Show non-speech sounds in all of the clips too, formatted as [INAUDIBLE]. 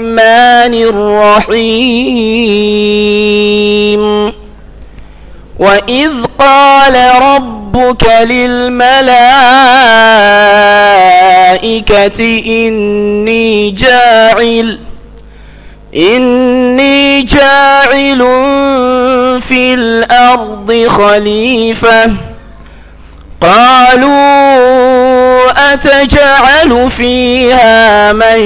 الرحمن الرحيم وإذ قال ربك للملائكة إني جاعل إني جاعل في الأرض خليفة قالوا أتجعل فيها من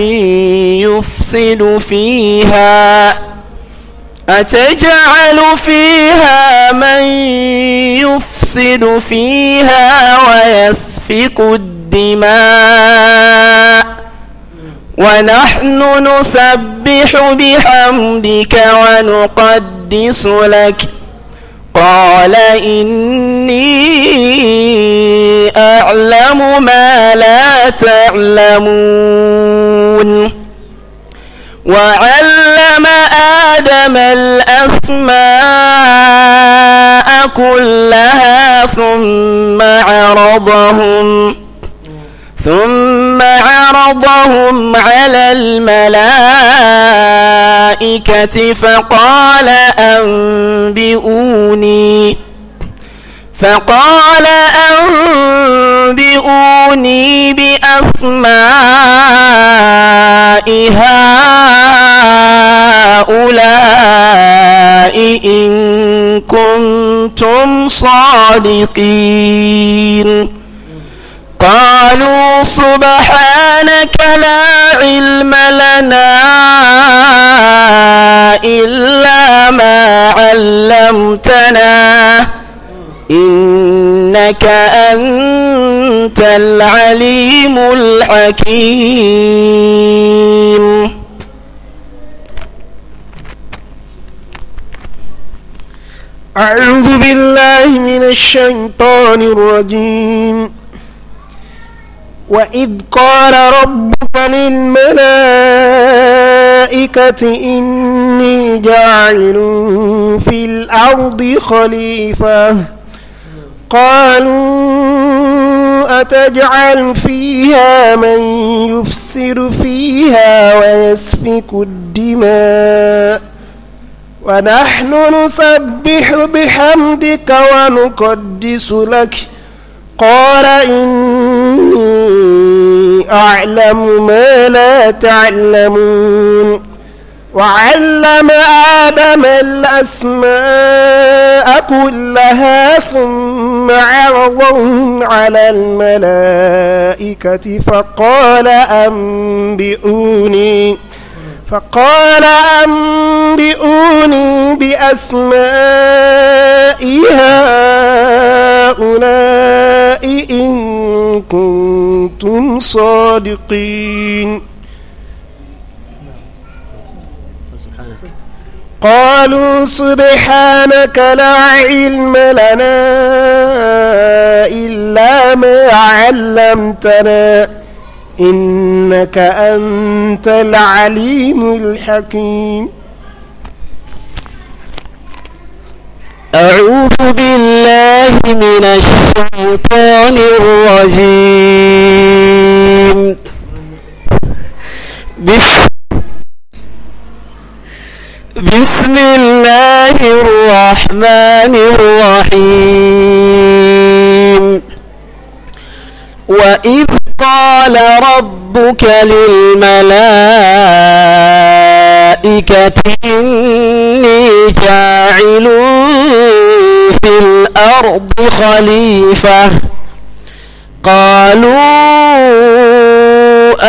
يفسد فيها أتجعل فيها من يفسد فيها ويسفك الدماء ونحن نسبح بحمدك ونقدس لك قال إني أعلم ما لا تعلمون وعلم آدم الأسماء كلها ثم عرضهم ثم ثم عرضهم على الملائكة فقال أنبئوني فقال أنبئوني بأسماء هؤلاء إن كنتم صادقين قالوا سبحانك لا علم لنا إلا ما علمتنا إنك أنت العليم الحكيم أعوذ بالله من الشيطان الرجيم وإذ قال ربك للملائكة إني جاعل في الأرض خليفة قالوا أتجعل فيها من يفسر فيها ويسفك الدماء ونحن نسبح بحمدك ونقدس لك قال إني أعلم ما لا تعلمون وعلم آدم الأسماء كلها ثم عرضهم على الملائكة فقال أنبئوني فقال أنبئوني بأسماء هؤلاء إن كنتم صادقين قالوا سبحانك لا علم لنا إلا ما علمتنا إنك أنت العليم الحكيم أعوذ بالله من الشيطان الرجيم بسم, الله الرحمن الرحيم وإذ قال ربك للملائكة إني جاعل في الأرض خليفة قالوا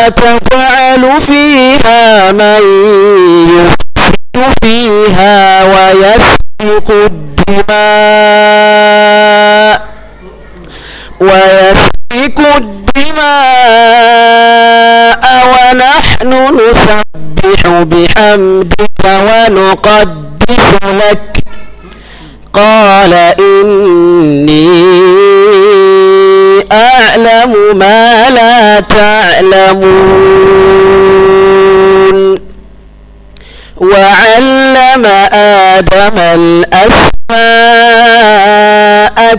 أتجعل فيها من يفسد فيها ويسفك الدماء ويسفك الدماء نحن نسبح بحمدك ونقدس لك قال إني أعلم ما لا تعلمون وعلم آدم الأسماء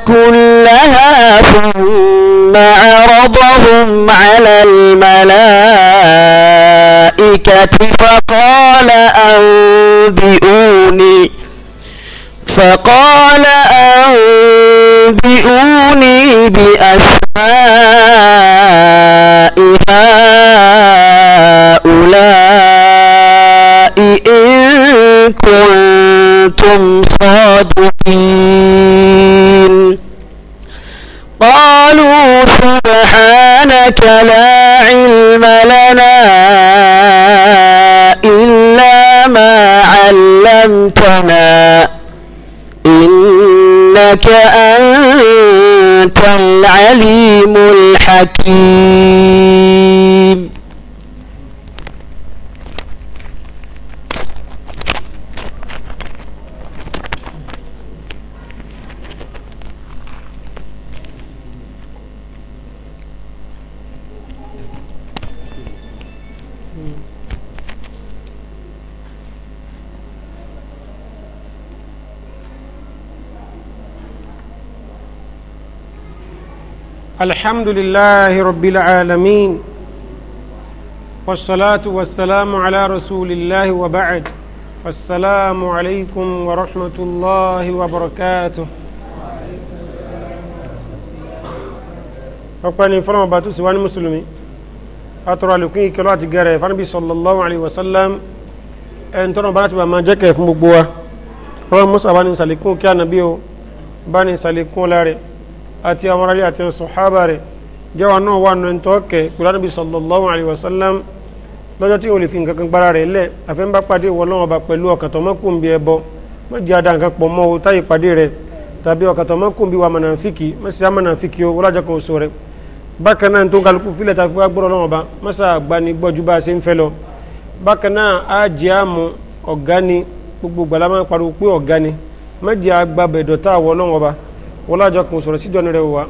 كلها ثم عرضهم على الملائكة فقال أنبئوني فقال أنبئوني بأسماء هؤلاء إن كنتم صادقين قالوا سبحانك لا علم لنا إلا ما علمتنا إنك أنت العليم الحكيم الحمد لله رب العالمين والصلاة والسلام على رسول الله وبعد السلام عليكم ورحمة الله وبركاته ọpẹ́ ni fọ́nà ọba tó sì wá ní mùsùlùmí àtọrọ àlùkún ìkẹlọ́ àti gẹ̀rẹ̀ fánàbí sallallahu alaihi wasallam ẹni tọ́nà bá láti bá máa jẹ́kẹ̀ fún gbogbo wa rọ́n mọ́sà bá ní sàlékún kí ànàbí o bá ní sàlékún láre ati àwọn aráyé àti sọ̀hábà rẹ̀ jẹ́wàá náà wà nù tọ́kẹ̀ pẹ̀lú ànábì sallallahu alaihi wasallam lọ́jọ́ tí o lè fi nǹkan kan gbára rẹ̀ lẹ̀ àfẹ́ńbá pàdé ìwọ lọ́wọ́ ọba pẹ̀lú ọkàn tó mọ́kùn bí ẹbọ má jẹ́ adá nǹkan pọ̀ mọ́ o táyì pàdé rẹ̀ tàbí ọkàn tó mọ́kùn bí wà mọ̀nàfíkì mẹ́sì á mọ̀nàfíkì o wọ́lájà kan oṣù rẹ̀ bákan náà tó ń kálukú fílẹ̀ tá a fi wá gbọ́dọ̀ lọ́wọ́ ọba mẹ́sà àgbani gbọ́jú bá a ṣe ń fẹ́ lọ bákan náà á jẹ́ àmú ọ̀gá wọlájọ kò sọ̀rọ̀ síjọ́ ni rẹ̀ wá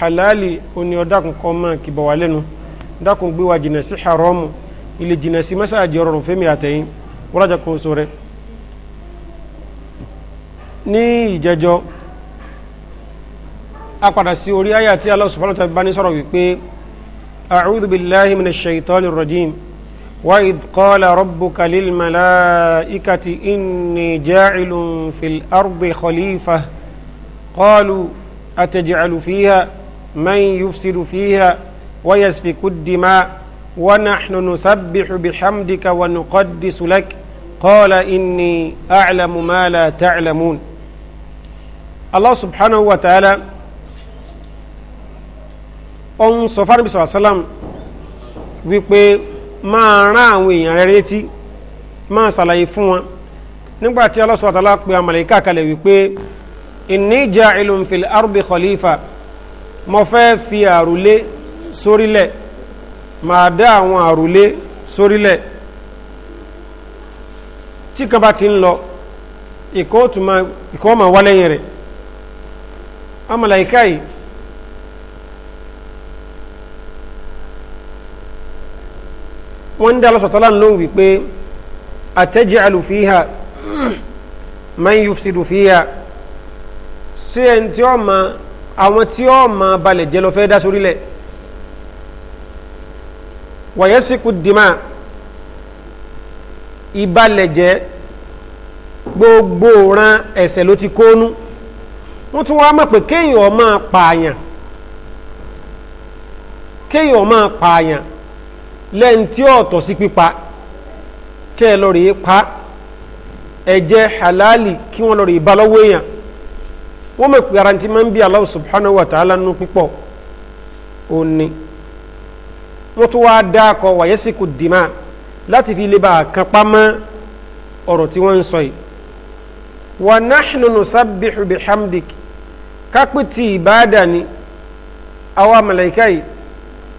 halali oní ọ̀dàkùn kan máa kì bọ̀ wá lẹ́nu dákun gbé wa jìnà sí haramu ilé jìnà sí mẹ́sàájì ọ̀rọ̀ fẹ́mi àtẹ̀yìn wọlájọ kò sọ̀rọ̀ ní ìjẹjọ́ a padà sí orí ayé àti Allah subhanahu wa bá ní sọ̀rọ̀ wípé a'udhu billahi minash shaitanir rajim وإذ قال ربك للملائكة إني جاعل في الأرض خليفة قالوا أتجعل فيها من يفسد فيها ويسفك الدماء ونحن نسبح بحمدك ونقدس لك قال إني أعلم ما لا تعلمون الله سبحانه وتعالى ọ̀n sọ̀fà níbi sọ̀rọ̀ sálám wípé máa rán àwọn èèyàn rẹ̀ létí máa ṣàlàyé fún wọn nígbà tí Allah subhanahu wa ta'ala pé àmàlẹ́kà kalẹ̀ wípé inni ja'ilun fil ardi khalifa mo fẹ́ fi àrùlé sórílẹ̀ màá dá àwọn àrùlé sórílẹ̀ tí kan bá ti ń lọ ìkọ́ ma wá lẹ́yìn rẹ̀ amàlàíkà yìí wọ́n ń dá lọ́sọ̀tọ́lá lóhùn wípé ataj'alu fiha [CLEARS THROAT] man yufsidu fiha ṣé ẹni tí ó mọ àwọn tí ó mọ balẹ̀ jẹ́ lọ fẹ́ dá sórí lẹ̀ wàyẹ́sìkú dìmá ìbalẹ̀ jẹ́ gbogbo ran ẹ̀ṣẹ̀ ló ti kónú wọ́n tún wá mọ̀ pé kéèyàn ó pààyàn kéèyàn ó pààyàn lẹ́yìn tí ọ̀tọ̀ sí pípa kẹ́ ẹ lọ rèé pa ẹ̀jẹ̀ halali kí wọ́n lọ rèé ba lọ́wọ́ èèyàn wọ́n mọ̀ pé ara ti máa ń bí Allah subhanahu wa ta'ala nínú púpọ̀ ó ní wọ́n tún wáá dá akọ wàyẹ́sìkò dìímà láti fi lè bá a kan pamọ́ ọ̀rọ̀ tí wọ́n ń sọ yìí wa nahnu nusabbihu bihamdik kápẹ́tì ìbáàdà ni àwa màláíkà yìí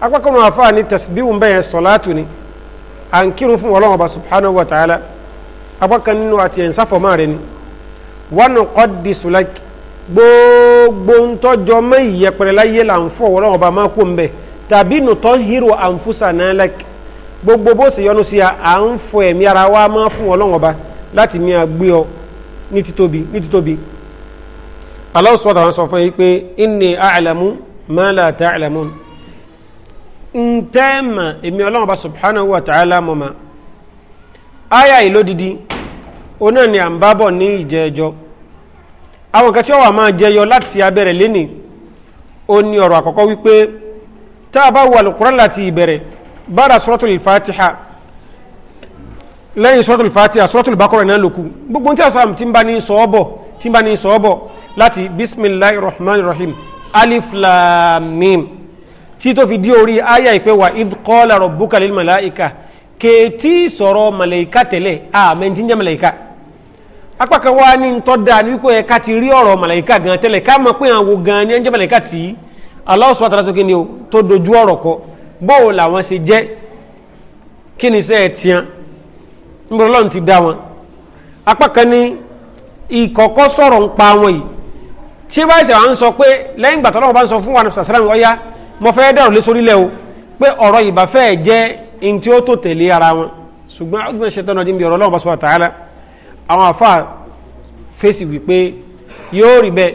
akpákanu afa ni tasbihu bẹ́ẹ̀ sọ̀láàtù ni à ń kírun fún Ọlọ́hun Ọba subhanahu wa ta'ala akpákanu àti ẹ̀ ń sáfọ̀ máa rẹ̀ ni wa nuqaddisu lak gbogbo ntọ́jọ́ mọ́ ìyẹpẹrẹ la là ń fọ̀ wọ́n ọba ma kó ń tabi tàbí nùtọ́ hírò àǹfùsà náà lẹ́kì gbogbo bó sì yọnu sí à ń fọ wa máa fún ọlọ́wọ́n ọba láti mi agbé ní títóbi ní títóbi sọ pé a'lamu ma subhanahu wa ta'ala àwọn kan tí ó wà máa jẹyọ láti abẹ́rẹ̀ lẹ́ni ó ní ọ̀rọ̀ àkọ́kọ́ wípé tá a bá wà lùkúrán láti ìbẹ̀rẹ̀ bára suratul fatiha lẹ́yìn suratul fatiha suratul bakọrẹ̀ náà lòkù gbogbo tí a sọ àmì tí ń bá ní sọ́ọ́bọ̀ tí ń bá ní sọ́ọ́bọ̀ láti bismillahir rahmanir rahim alif lam mim tí tó fi dí orí aya ìpé wa idh qala rabbuka lil malaika kèétí sọ̀rọ̀ malaika tẹ̀lẹ̀ àmẹ́ntíjẹ́ malaika. Ah, apá kan wá ní ntọ́ da ní wípé ẹ̀ka ti rí ọ̀rọ̀ màláyíká gan tẹ́lẹ̀ ká mọ̀ pé àwọn gan ni ẹ̀ ń jẹ́ màláyíká tí Allah subhanahu wa ta'ala sókè ni o tó dojú ọ̀rọ̀ kọ bóò làwọn ṣe jẹ́ kí ni sẹ́ ẹ̀ tiẹ̀ ń bọ̀ lọ́run ti dá wọn apá kan ní ìkọ̀kọ́ sọ̀rọ̀ ń pa wọn yìí tí bá ṣe wà ń sọ pé lẹ́yìn ìgbà tọ́lọ́wọ́ bá ń sọ fún wa ní sàṣẹ́ràn ọ̀yá àwọn àfáà fèsì wípé yóò rí bẹ́ẹ̀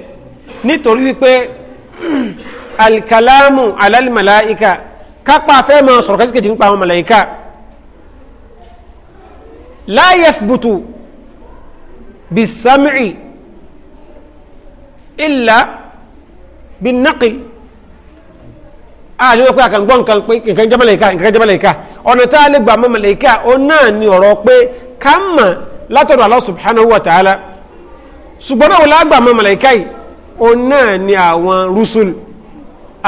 nítorí wípé alikalamu alalimalaika kápá fẹ́ máa sọ̀rọ̀ kásìkèjì nípa àwọn malaika la yathbutu bisam'i illa binnaql àti wípé àkàngbọ́ nǹkan pé nǹkan jẹ́ malaika nǹkan jẹ́ malaika ọ̀nà tá a lè gbà mọ́ malaika ó náà ni ọ̀rọ̀ pé ká mọ̀ látọ̀dọ̀ Allah subhanahu wa ta'ala ṣùgbọ́n àwọn lágbà mọ́ màláíkà yìí òun náà ni àwọn rusul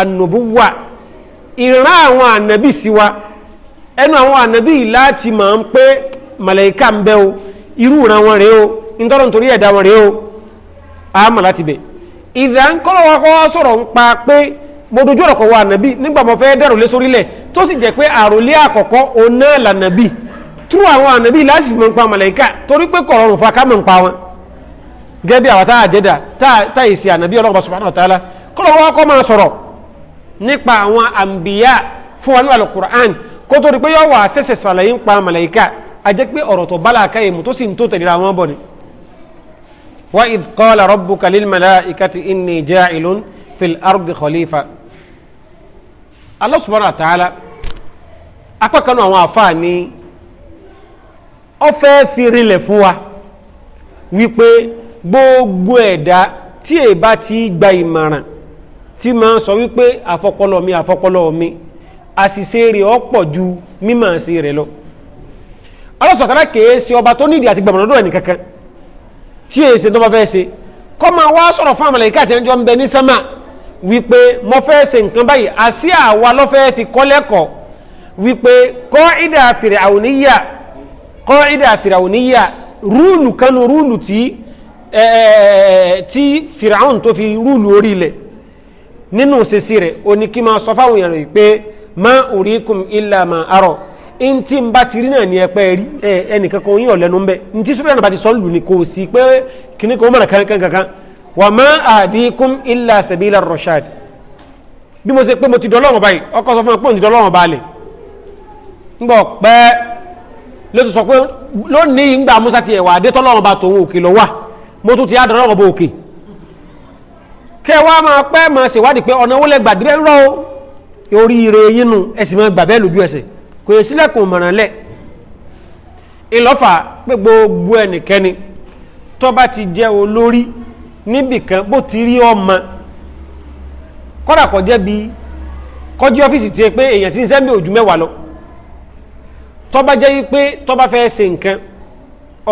ànàbúwà ìran àwọn ànàbí sí wa ẹnu àwọn ànàbí yìí láti máa ń pé màláíkà ń bẹ o irú ìran wọn rèé o nítorí nítorí ẹ̀dá wọn rèé o àmà láti bẹ̀ ìdá ń kọ́rọ̀ wa kọ́ sọ̀rọ̀ ń pa pé mo dojú ọ̀rọ̀ kọ̀ wa ànàbí nígbà mo fẹ́ dẹ̀rù lé sórílẹ̀ tó sì jẹ́ pé àròlé àkọ́kọ́ òun náà lànàbí túrú àwọn ànábì lásìkò mọ̀ nípa màláíkà torí pé kò rọrùn fún akámọ̀ nípa wọn gẹ́gẹ́ bí àwọn táà jẹ́dà táà ìsì ànábì ọlọ́run subhanahu wa ta'ala kọ́lọ́ wọn kọ́ máa sọ̀rọ̀ nípa àwọn àǹbíyà fún wọn ní alukur'an kó torí pé yọ wà sẹ̀sẹ̀ sàlàyé nípa màláíkà a jẹ́ pé ọ̀rọ̀ tó bala ka yìí mu tó sì ń tó kanu àwọn àfáà ní ó fẹ́ fi rinlẹ̀ fún wa wípé gbogbo ẹ̀dá tí ẹ bá ti gba ìmọ̀ràn tí máa ń sọ wípé àfọpọlọ mi àfọpọlọ mi àṣìṣe rẹ̀ ọ̀pọ̀ ju mímọ̀ ṣe rẹ̀ lọ ọlọ́sọ̀tara kèé ṣe ọba tó nídìí àti gbàmọ̀lọ́dọ̀ ẹnì kankan tí èyí ṣe tó bá fẹ́ ṣe kọ́ máa wá sọ̀rọ̀ fún àmàlẹ́ ìka àtẹnjọ́ ń bẹ ní sámà wípé mo fẹ́ ṣe nǹkan báyìí àṣì àwa lọ́fẹ́ fi kọ́ lẹ́kọ̀ọ́ wípé kọ́ ìdá fèrè àwòníyà kọ́ìdà fìràwùníyà rúùlù kanu rúùlù tí tí fìràwùn tó fi rúùlù orí ilẹ̀ nínú sèṣì rẹ̀ o ní kí máa sọ fáwọn èèyàn rẹ̀ pé má urikum illa ma arọ n tí n bá ti rí náà ní ẹpẹ rí ẹnìkan kan yín ọ̀lẹ́nu ń bẹ n tí sọ́dọ̀ náà bá ti sọ́ọ́lù ni kò sí pé kíní kan ó mọ̀nà kankan kankan wà má ahdikum illa sabila rashad bí mo ṣe pé mo ti dọ́lọ́wọ̀n báyìí ọkọ̀ sọ fún mi pé mo ti dọ́lọ́wọ̀n báyìí ń bọ̀ pẹ́ẹ́ ló ti sọ pé lónìí ìgbà musa ti ẹ̀wà adétọ́ lọ́wọ́ bá tòun òkè lọ wà mo tún ti á dọ̀rọ̀ ọ̀bọ òkè kẹwàá máa pẹ́ máa ṣèwádìí pé ọ̀nà wọlé gbàdúrà rọ oríire yín nu ẹ̀sìn máa gbà bẹ́ẹ̀ lójú ẹsẹ̀ kò yẹ sílẹ̀kùn mọ̀ràn lẹ̀ ìlọ́fà pé gbogbo ẹnikẹ́ni tó bá ti jẹ́ olórí níbìkan bó ti rí ọmọ kọ́dà kọjẹ́ bíi kọjú ọ́fíìsì ti pé èèyàn ti ń sẹ́mi ojú mẹ́wàá lọ tọ́ba jẹ́ yí pé tọ́ba fẹ́ ṣe nǹkan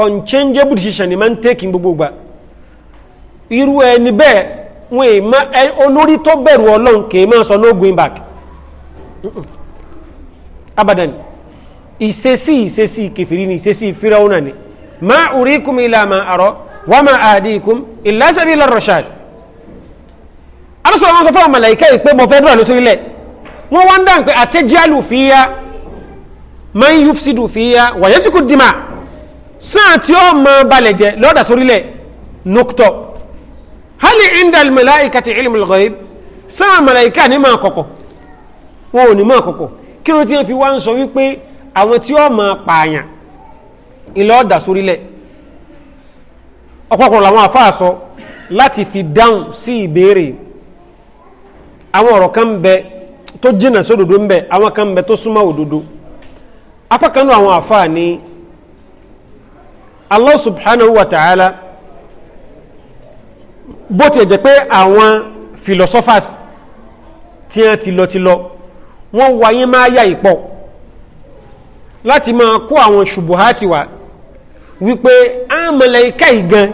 unchangeable decision ni máa ń tẹ́kì gbogbo gbà irú ẹni bẹ́ẹ̀ wọn è má olórí tó bẹ̀rù ọlọ́run kì í máa sọ no going back abadan ìṣesí ìṣesí kẹfìrí ni ìṣesí firawuna ni ma urikum ila ma arọ wa ma adikum illa sabila rashad alásọ̀rọ̀ wọn sọ fún àwọn màláìkẹ́ ìpé mo fẹ́ dúrà lóṣù nílẹ̀ wọ́n wá ń dáhùn àtẹ́jálù fi man yufsidu fiya wa yasiku dima san tí ó ma balẹ̀ jẹ́ lọ́dà sórílẹ̀ nukutọ hali indal malaikati ilmul ghaib san malaika ni ma kọ̀kọ̀ wọn ò ní ma kọ̀kọ̀ kí ló ti fi wá ń sọ wípé àwọn tí ó ma pààyàn ìlọ́dà sórílẹ̀ ọ̀pọ̀pọ̀ làwọn àfáà sọ láti fi dáhùn sí ìbéèrè àwọn ọ̀rọ̀ kan ń tó jìnnà sódodo ń bẹ àwọn kan ń tó súnmọ́ òdodo apákanú àwọn àfáà ní Allah subhanahu wa ta'ala bó ti jẹ́ pé àwọn philosophers tí wọ́n ti lọ ti lọ wọ́n wáyé máa yá ìpọ̀ láti máa kó àwọn ṣubuhati wá wípé àmàlẹ̀ ikẹ́ ìgan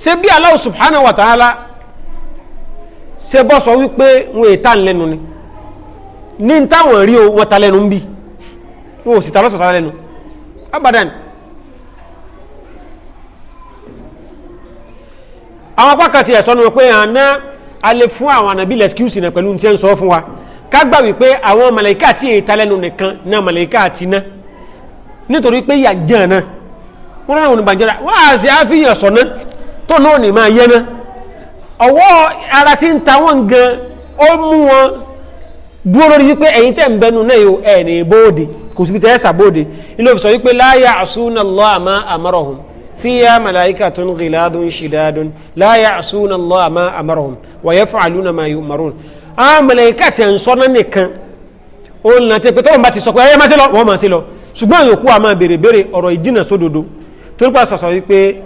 ṣe bí Allah subhanahu wa ta'ala ṣe bọ́ sọ wípé wọn ètà ńlẹ́nu ni ní táwọn rí o wọn ta lẹ́nu ń bí wọn ò sì ta lọ́sọ̀tà lẹ́nu abadan àwọn apá ti ẹ̀sọ́ ni wọ́n pé àná a lè fún àwọn ànàbí lẹ́skíùsì náà pẹ̀lú tí ẹ ń sọ fún wa ká gbà wípé àwọn màláíkà àti èyí ta lẹ́nu nìkan náà màláíkà àti ná nítorí pé ìyà jẹ́ náà wọ́n náà wọn bàjẹ́ wọ́n á sì á fi yàn tó náà ní máa yẹ náà ọwọ́ ara ti ń ta wọ́n gan ó mú wọn dúró lórí wípé ẹ̀yin tẹ̀ ń bẹnu náà yóò ẹ̀ ní bóde kò síbi tẹ́ ẹ̀sà bóde ilé òfin sọ wípé la ya'suna Allah ma amarahum fiya malaikatun ghiladun shidadun la ya'suna Allah ma amarahum wa yaf'aluna ma yu'marun. àwọn màláíkà tẹ̀ ń sọ́nà nìkan ó ń lantẹ́ pé tọ́wọ́n bá ti sọ pé ẹ̀yẹ́ máa ṣe lọ wọ́n máa ṣe lọ ṣùgbọ́n yòókù àmọ́ béèrè béèrè ọ̀rọ̀ ìdínà sódodo torípa sọ̀sọ̀ wípé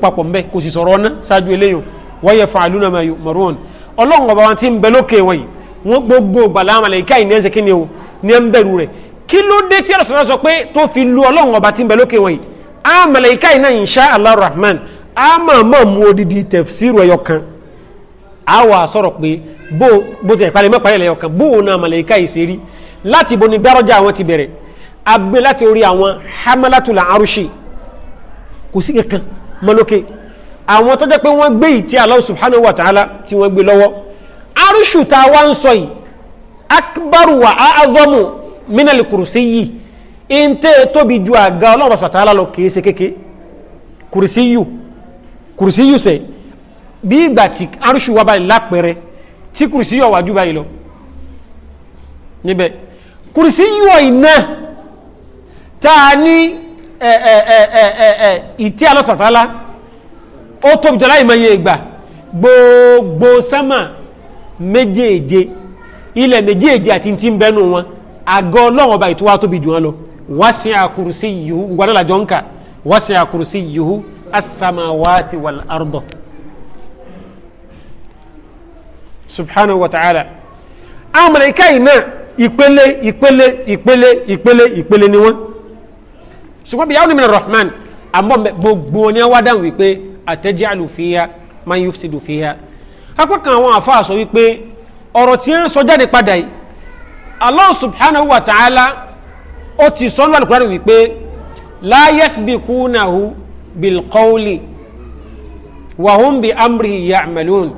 papọ̀ mbẹ́ kò sì sọ̀rọ̀ ọ̀nà ṣáájú eléyìí wọ́n yẹ fàálù náà mayò mọ̀rún ọlọ́run ọba wọn ti ń bẹ lókè wọ̀nyí wọ́n gbogbo bàlámà lẹ́yìn káyìn ní ẹ̀sẹ̀ kí ni o ní ẹ̀ ń bẹ̀rù rẹ̀ kí ló dé tí ẹ̀rọ sọ pé tó fi lu ọlọ́run ọba ti ń bẹ lókè wọ̀nyí a màlẹ́yìká iná insha Allah rahman a máa máa mú odidi tẹ̀fsíìrù ẹ̀yọ kan a wà sọ̀rọ̀ pé bó bó ti ẹ̀pàdé mẹ́pàdé ẹ̀yọ kan bó òun àmàlẹ́yìká yìí ṣe láti bo ni dárọ́jà àwọn ti bẹ̀rẹ̀ agbé láti orí àwọn hamalatul arushi kò sí kankan mọ́ àwọn tó jẹ́ pé wọ́n gbé ìtí Allah subhanahu wa ta'ala tí wọ́n gbé lọ́wọ́ arúṣù tá a wá ń sọ yìí akbaru wa aadhamu minal kursiyyi ìntẹ́ tóbi ju àga ọlọ́run subhanahu wa ta'ala lọ kìí ṣe kéke kùrùsíyù sẹ bí ìgbà tí arúṣù wa báyìí lápẹrẹ tí kùrùsíyù ọ̀wájú báyìí lọ níbẹ̀ kùrùsíyù iná tá a ní ìtí Allah ó tóbi jọ láì mọ iye ìgbà gbogbo sánmà méjèèje ilẹ̀ méjèèje àti ti ń bẹnu wọn àgọ́ ọlọ́run ọba ìtura tóbi jù wọn lọ wasi'a kursiyyuhu gbọ́dọ̀ làjọ ń kà wasi'a kursiyyuhu as-samawati wal arda subhanahu wa ta'ala àwọn mọ̀lẹ́kà yìí náà ìpele ìpele ìpele ìpele ìpele ni wọ́n ṣùgbọ́n bí yàwó ni rahman àmọ́ gbogbo ni wọ́n dáhùn wípé àtẹ́jáàlù fìyà máa ń yóò fi fìyà. apá kan àwọn àfa sọ wípé ọ̀rọ̀ tí ń sọ jáde padà yìí Allah subhanahu wa ta'ala ó ti sọ nínú Al-Qur'an wípé la yasbikunahu bilqawli wa hum bi amrihi ya'malun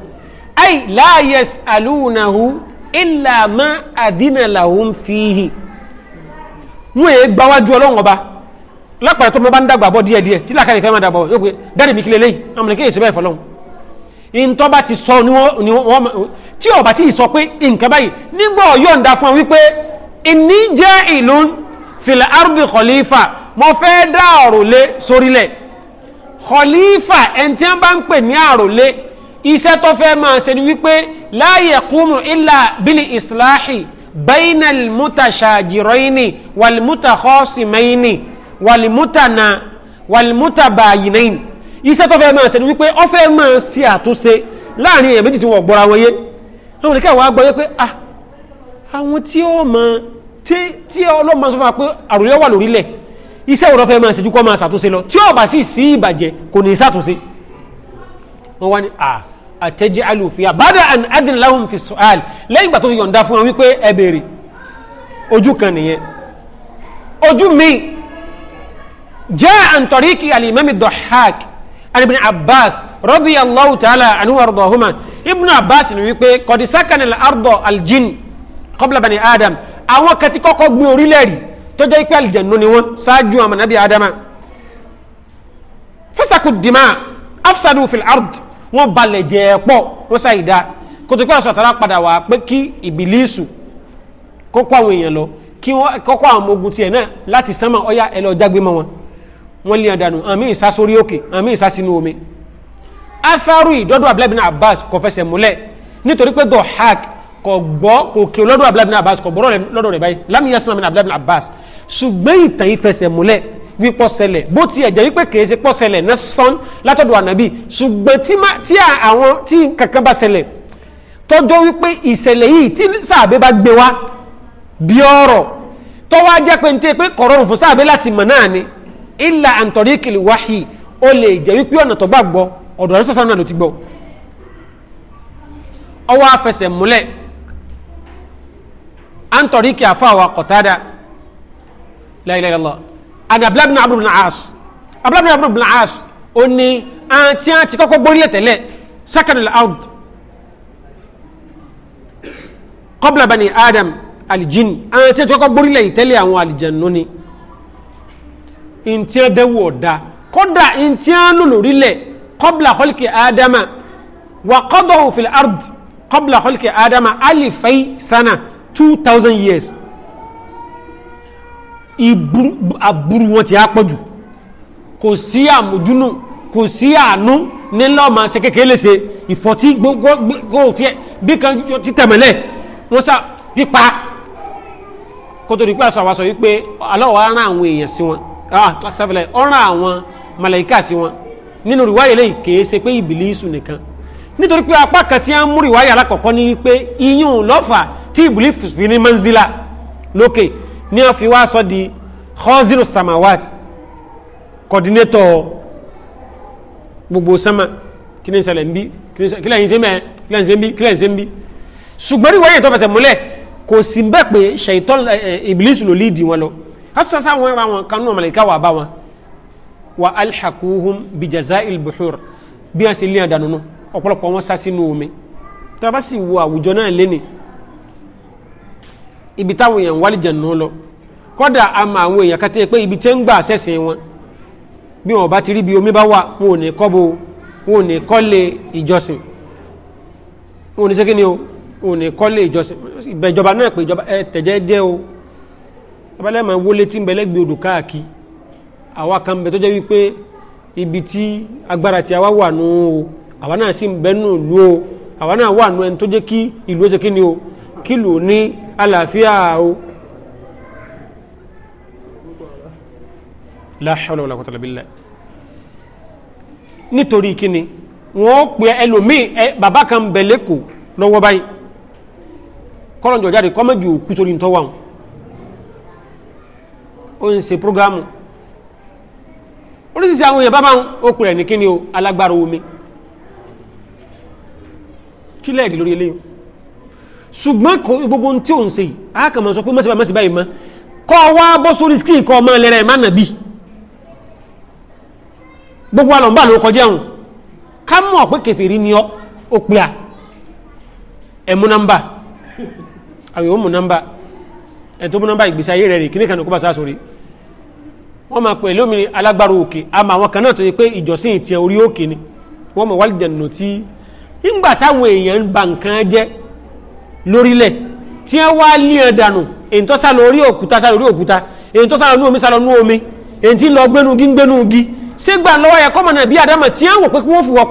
ay la yas'alunahu illa ma adina wọ́n yẹ gbáwájú ọlọ́run lápẹ̀rẹ̀ tó mo bá ń dàgbà bọ́ díẹ̀díẹ̀ tí làkàyè kan máa dàgbà yóò pé dáàdì mi kílẹ̀ lẹ́yìn àmọ̀ kí èso bẹ́ẹ̀ fọlọ́n ìntọ́ bá ti sọ ni wọ́n tí ọba ti sọ pé nǹkan báyìí nígbà yọ̀ǹda fún ọ wípé ìní jẹ́ ìlú filẹ̀ arúgbìn kọ̀lífà mo fẹ́ dá àròlé sórílẹ̀ kọ̀lífà ẹni tí wọ́n bá ń pè ní àròlé iṣẹ́ tó fẹ́ máa ṣe ni wípé láàyè kúmù ilà bílí ìsìláhì bẹ́ẹ̀nẹ̀lmútàṣàjìrọ́yìnì wàlmútàkọ́sìmẹ́yìnì walimutana walimutaba yinayin iṣẹ́ tó fẹ́ máa ṣe ni wípé ọ fẹ́ máa ṣe àtúnṣe láàrin èèyàn méjì tí wọ́n gbọ́ra wọn yé àwọn oníkà wàá gbọ́ yé pé ah àwọn tí ó mọ tí ọlọ́mọ sọ fún wa pé àròyé wà lórílẹ̀ iṣẹ́ òrọ̀ fẹ́ máa ṣe ju kọ́ máa ṣàtúnṣe lọ tí ó bá sì sí ìbàjẹ́ kò ní ṣàtúnṣe wọ́n wá ní ah àtẹ́jẹ́ alùfíà bàdà adin adìláhùn fi sọ́àl lẹ́yìn ìgbà tó yọ̀ǹda fún wọn wípé ẹ béèrè ojú kan nìyẹn جاء عن طريق الإمام الضحاك عن ابن عباس رضي الله تعالى عنه وارضاهما ابن عباس wípé قد سكن الأرض الجن قبل بني آدم àwọn kan tí kọ́kọ́ gbé orílẹ̀ rí tó jẹ́ pé àlìjànú ni wọ́n ṣáájú ọmọ nàbí adama fasaku dima afsadu fil ard wọ́n balẹ̀ jẹ́ pọ̀ wọ́n ṣáà ìdá kótó pé àṣọ àtàrà padà wá pé kí ìbílísù kókó àwọn èèyàn lọ kí wọ́n kọ́kọ́ àwọn ogun tiẹ̀ náà láti sánmà ọ̀yà ẹ̀ lọ́ọ́ jágbé mọ́ wọn wọ́n lé ọ̀dànù àmì ìsá sórí òkè àmì ìsá omi afaru ìdọ́dọ̀ abúlẹ́bìnrin abbas kò fẹsẹ̀ múlẹ̀ nítorí pé dọ̀hák kò gbọ́ kò kí lọ́dọ̀ abúlẹ́bìnrin abbas kò gbọ́rọ̀ lọ́dọ̀ rẹ̀ báyìí lámìyá sinmi abúlẹ́bìnrin abbas ṣùgbọ́n ìtàn ìfẹsẹ̀ múlẹ̀ wí pọ́sẹlẹ̀ bó ti ẹ̀jẹ̀ wípé kìí ṣe pọ́sẹlẹ̀ ní sọ́n látọ̀dọ̀ ànábì ṣùgbọ́n tí àwọn tí kankan bá ṣẹlẹ̀ tọ́jọ́ wípé ìṣẹ̀lẹ̀ yìí tí sàbẹ̀ bá gbé wá bí ọ̀rọ̀ tọ́wọ́ á jẹ́ pé ní tẹ́ pé kọ̀rọ̀rùn fún sàbẹ̀ láti mọ̀ náà ni ilà àǹtọ̀rí kìlì wáhì ó lè jẹ́ wípé ọ̀nà tó gbà gbọ́ ọ̀dọ̀ rẹ̀ sọ̀sán náà ló ti gbọ́ ọwọ́ afẹsẹ̀ múlẹ̀ àǹtọ̀rí kì àfa wa kọ̀tádà la ilaha illallah àti abúlábìnà abúlábìnà as abúlábìnà abúlábìnà as ó ní àti àti kọ́kọ́ gbórílẹ̀ tẹ́lẹ̀ sakanul ard qabla bani adam aljin àti àti kọ́kọ́ gbórílẹ̀ ìtẹ́lẹ̀ àwọn àlìjànnú ni ntí ẹdẹwò ọ̀dá kódà ntí ẹnu lórílẹ̀ kọ́bla kọ́lìkì ádámà wa kọ́dọ̀ òfin ard kọ́bla kọ́lìkì ali alifai sana two thousand years aburú wọn ti á pọ̀jù kò sí àmójúnú kò sí àánú nílẹ̀ ọmọ ṣe kékeré lè ṣe ìfọ̀tí gbogbo bí kan títẹ̀mẹ́lẹ̀ wọ́n sá pípa kótó ní pé àṣọ àwọn aṣọ yìí pé aláwọ̀ ara àwọn èèyàn sí wọn ah sábẹ̀lẹ̀ ọ̀ràn àwọn màláíkà sí wọn nínú rìwáyà lẹ́yìn kìí ṣe pé ìbìlísù nìkan nítorí pé apá kan tí a ń mú rìwáyà alákọ̀ọ́kọ́ ni pé iyún lọ́fà tí ìbìlísù fi ní manzila lókè ní wọ́n fi wá sọ di khazinu samawat kọ́dínétọ̀ gbogbo sama kí ni ṣẹlẹ̀ ń bí kí lẹ́yìn ṣe mẹ́ kí lẹ́yìn ṣe ń bí kí lẹ́yìn ṣe ń bí ṣùgbọ́n rìwáyà tó fẹsẹ̀ múlẹ̀ kò sí bẹ́ẹ̀ pé ṣèyítọ́ eh, eh, ìbìlísù ló líìdì wọn lọ hasan sáwọn ra wọn kan nù màlàíkà wà wọn wa alhaquhum bi jaza'il buhur bí wọn sì lé àdánù nù ọ̀pọ̀lọpọ̀ wọn sá sínú omi tá a bá sì wo àwùjọ náà léni ibi táwọn èèyàn wálé jẹ̀ nù lọ kọ́dà àmà àwọn èèyàn kàtẹ́ pé ibi tẹ́ ń gbà sẹ́sìn wọn bí wọn bá ti rí bí omi bá wà wọn ò ní kọ́bo wọn ò ní kọ́lé ìjọsìn wọn ò ní sẹ́kìnì o wọn ò ní kọ́lé ìjọsìn ìbẹ̀jọba náà pé ìjọba ẹ tẹ̀jẹ́ jẹ́ o abalẹ́ ma wọlé tí ń bẹ lẹ́gbẹ̀ẹ́ odò káàkiri àwa kan bẹ tó jẹ́ wípé ibi tí agbára tí àwa wà nù o àwa náà sì bẹ nù lù o àwa náà wà nù ẹni tó jẹ́ kí ìlú ó kí ni o kí lù ní àlàáfíà o. la hawla wala quwwata illa billah nítorí kíni wọ́n pe ẹlòmíì bàbá kan bẹ lẹ́kọ̀ọ́ lọ́wọ́ báyìí kọ́lọ́njọ́ jáde kọ́mẹ́jù kú sórí ntọ́wà wọn ó ń ṣe prógámù oríṣiríṣi àwọn èèyàn bábá ó pèrè ní kíni o alágbára omi kí lẹ́ẹ̀dì lórí eléyìí ṣùgbọ́n kò gbogbo tí ò ń ṣe yìí á kàn mọ̀ sọ pé mọ̀síbà mọ̀síbà yìí mọ́ kọ́ wá bọ́ sórí skíìn kọ́ ọmọ ẹlẹ́rẹ̀ má nàbí gbogbo àlọ́mbà ló kọjá òun ká mọ̀ pé kẹfìrí ni ó pè à ẹ̀mú nọ́mbà àwọn èèyàn mú nọ́mbà ẹni tó mú nọ́mbà ìgbésí ayé rẹ̀ rè kí ní kan kó bá sáàsórí wọ́n máa pẹ̀lú omi alágbára òkè àmọ́ àwọn kan náà tó yẹ pé ìjọsìn ìtì orí òkè ni wọ́n mọ̀ wálé jẹ̀nù tí ńgbà táwọn èèyàn ń ba nǹkan jẹ́ lórílẹ̀ tí wọ́n wá lé ẹ̀ dànù èyí tó sá orí òkúta sá orí òkúta èyí tó sá nú omi sá lọ nú omi èyí tí ń lọ gbénu gí ń gbénu gí ségbà lọ́wọ́ yẹ kọ́mọ náà bí adama tí wọ́n wò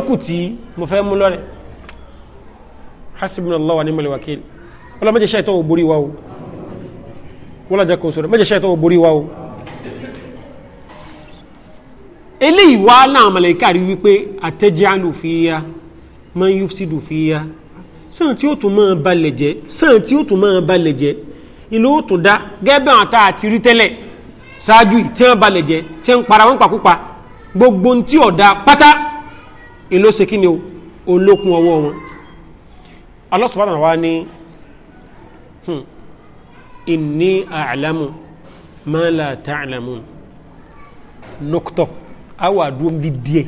pé kọ́ mo fẹ́ mú lọ́rẹ̀ hasbunallahu wa ni'mal wakil wọ́n mẹ́jẹ̀ ṣẹ́ẹ̀tọ́ ò borí wa o wọ́n lọ́jẹ́ kò sọ̀rọ̀ mẹ́jẹ̀ ṣẹ́ẹ̀tọ́ ò borí wa o eléyìí wá láwọn màláíkà rí wípé àtẹ́jáàlù fi ya man yufsidu fi ya sáà tí ó tún máa balẹ̀ jẹ́ sáà tí ó tún máa balẹ̀ jẹ́ ìlú ó tún dá gẹ́gẹ́ àwọn tá rí tẹ́lẹ̀ ṣáájú tí wọ́n balẹ̀ jẹ́ tí wọ́n para wọn pàkópa gbogbo ohun tí ọ̀dà pátá ìlú ṣe kí ni olókun ọwọ́ wọn Allah subhanahu wa ní hmm, inni a'lamu ma la ta'lamun nukutọ awo àdúró bí díẹ̀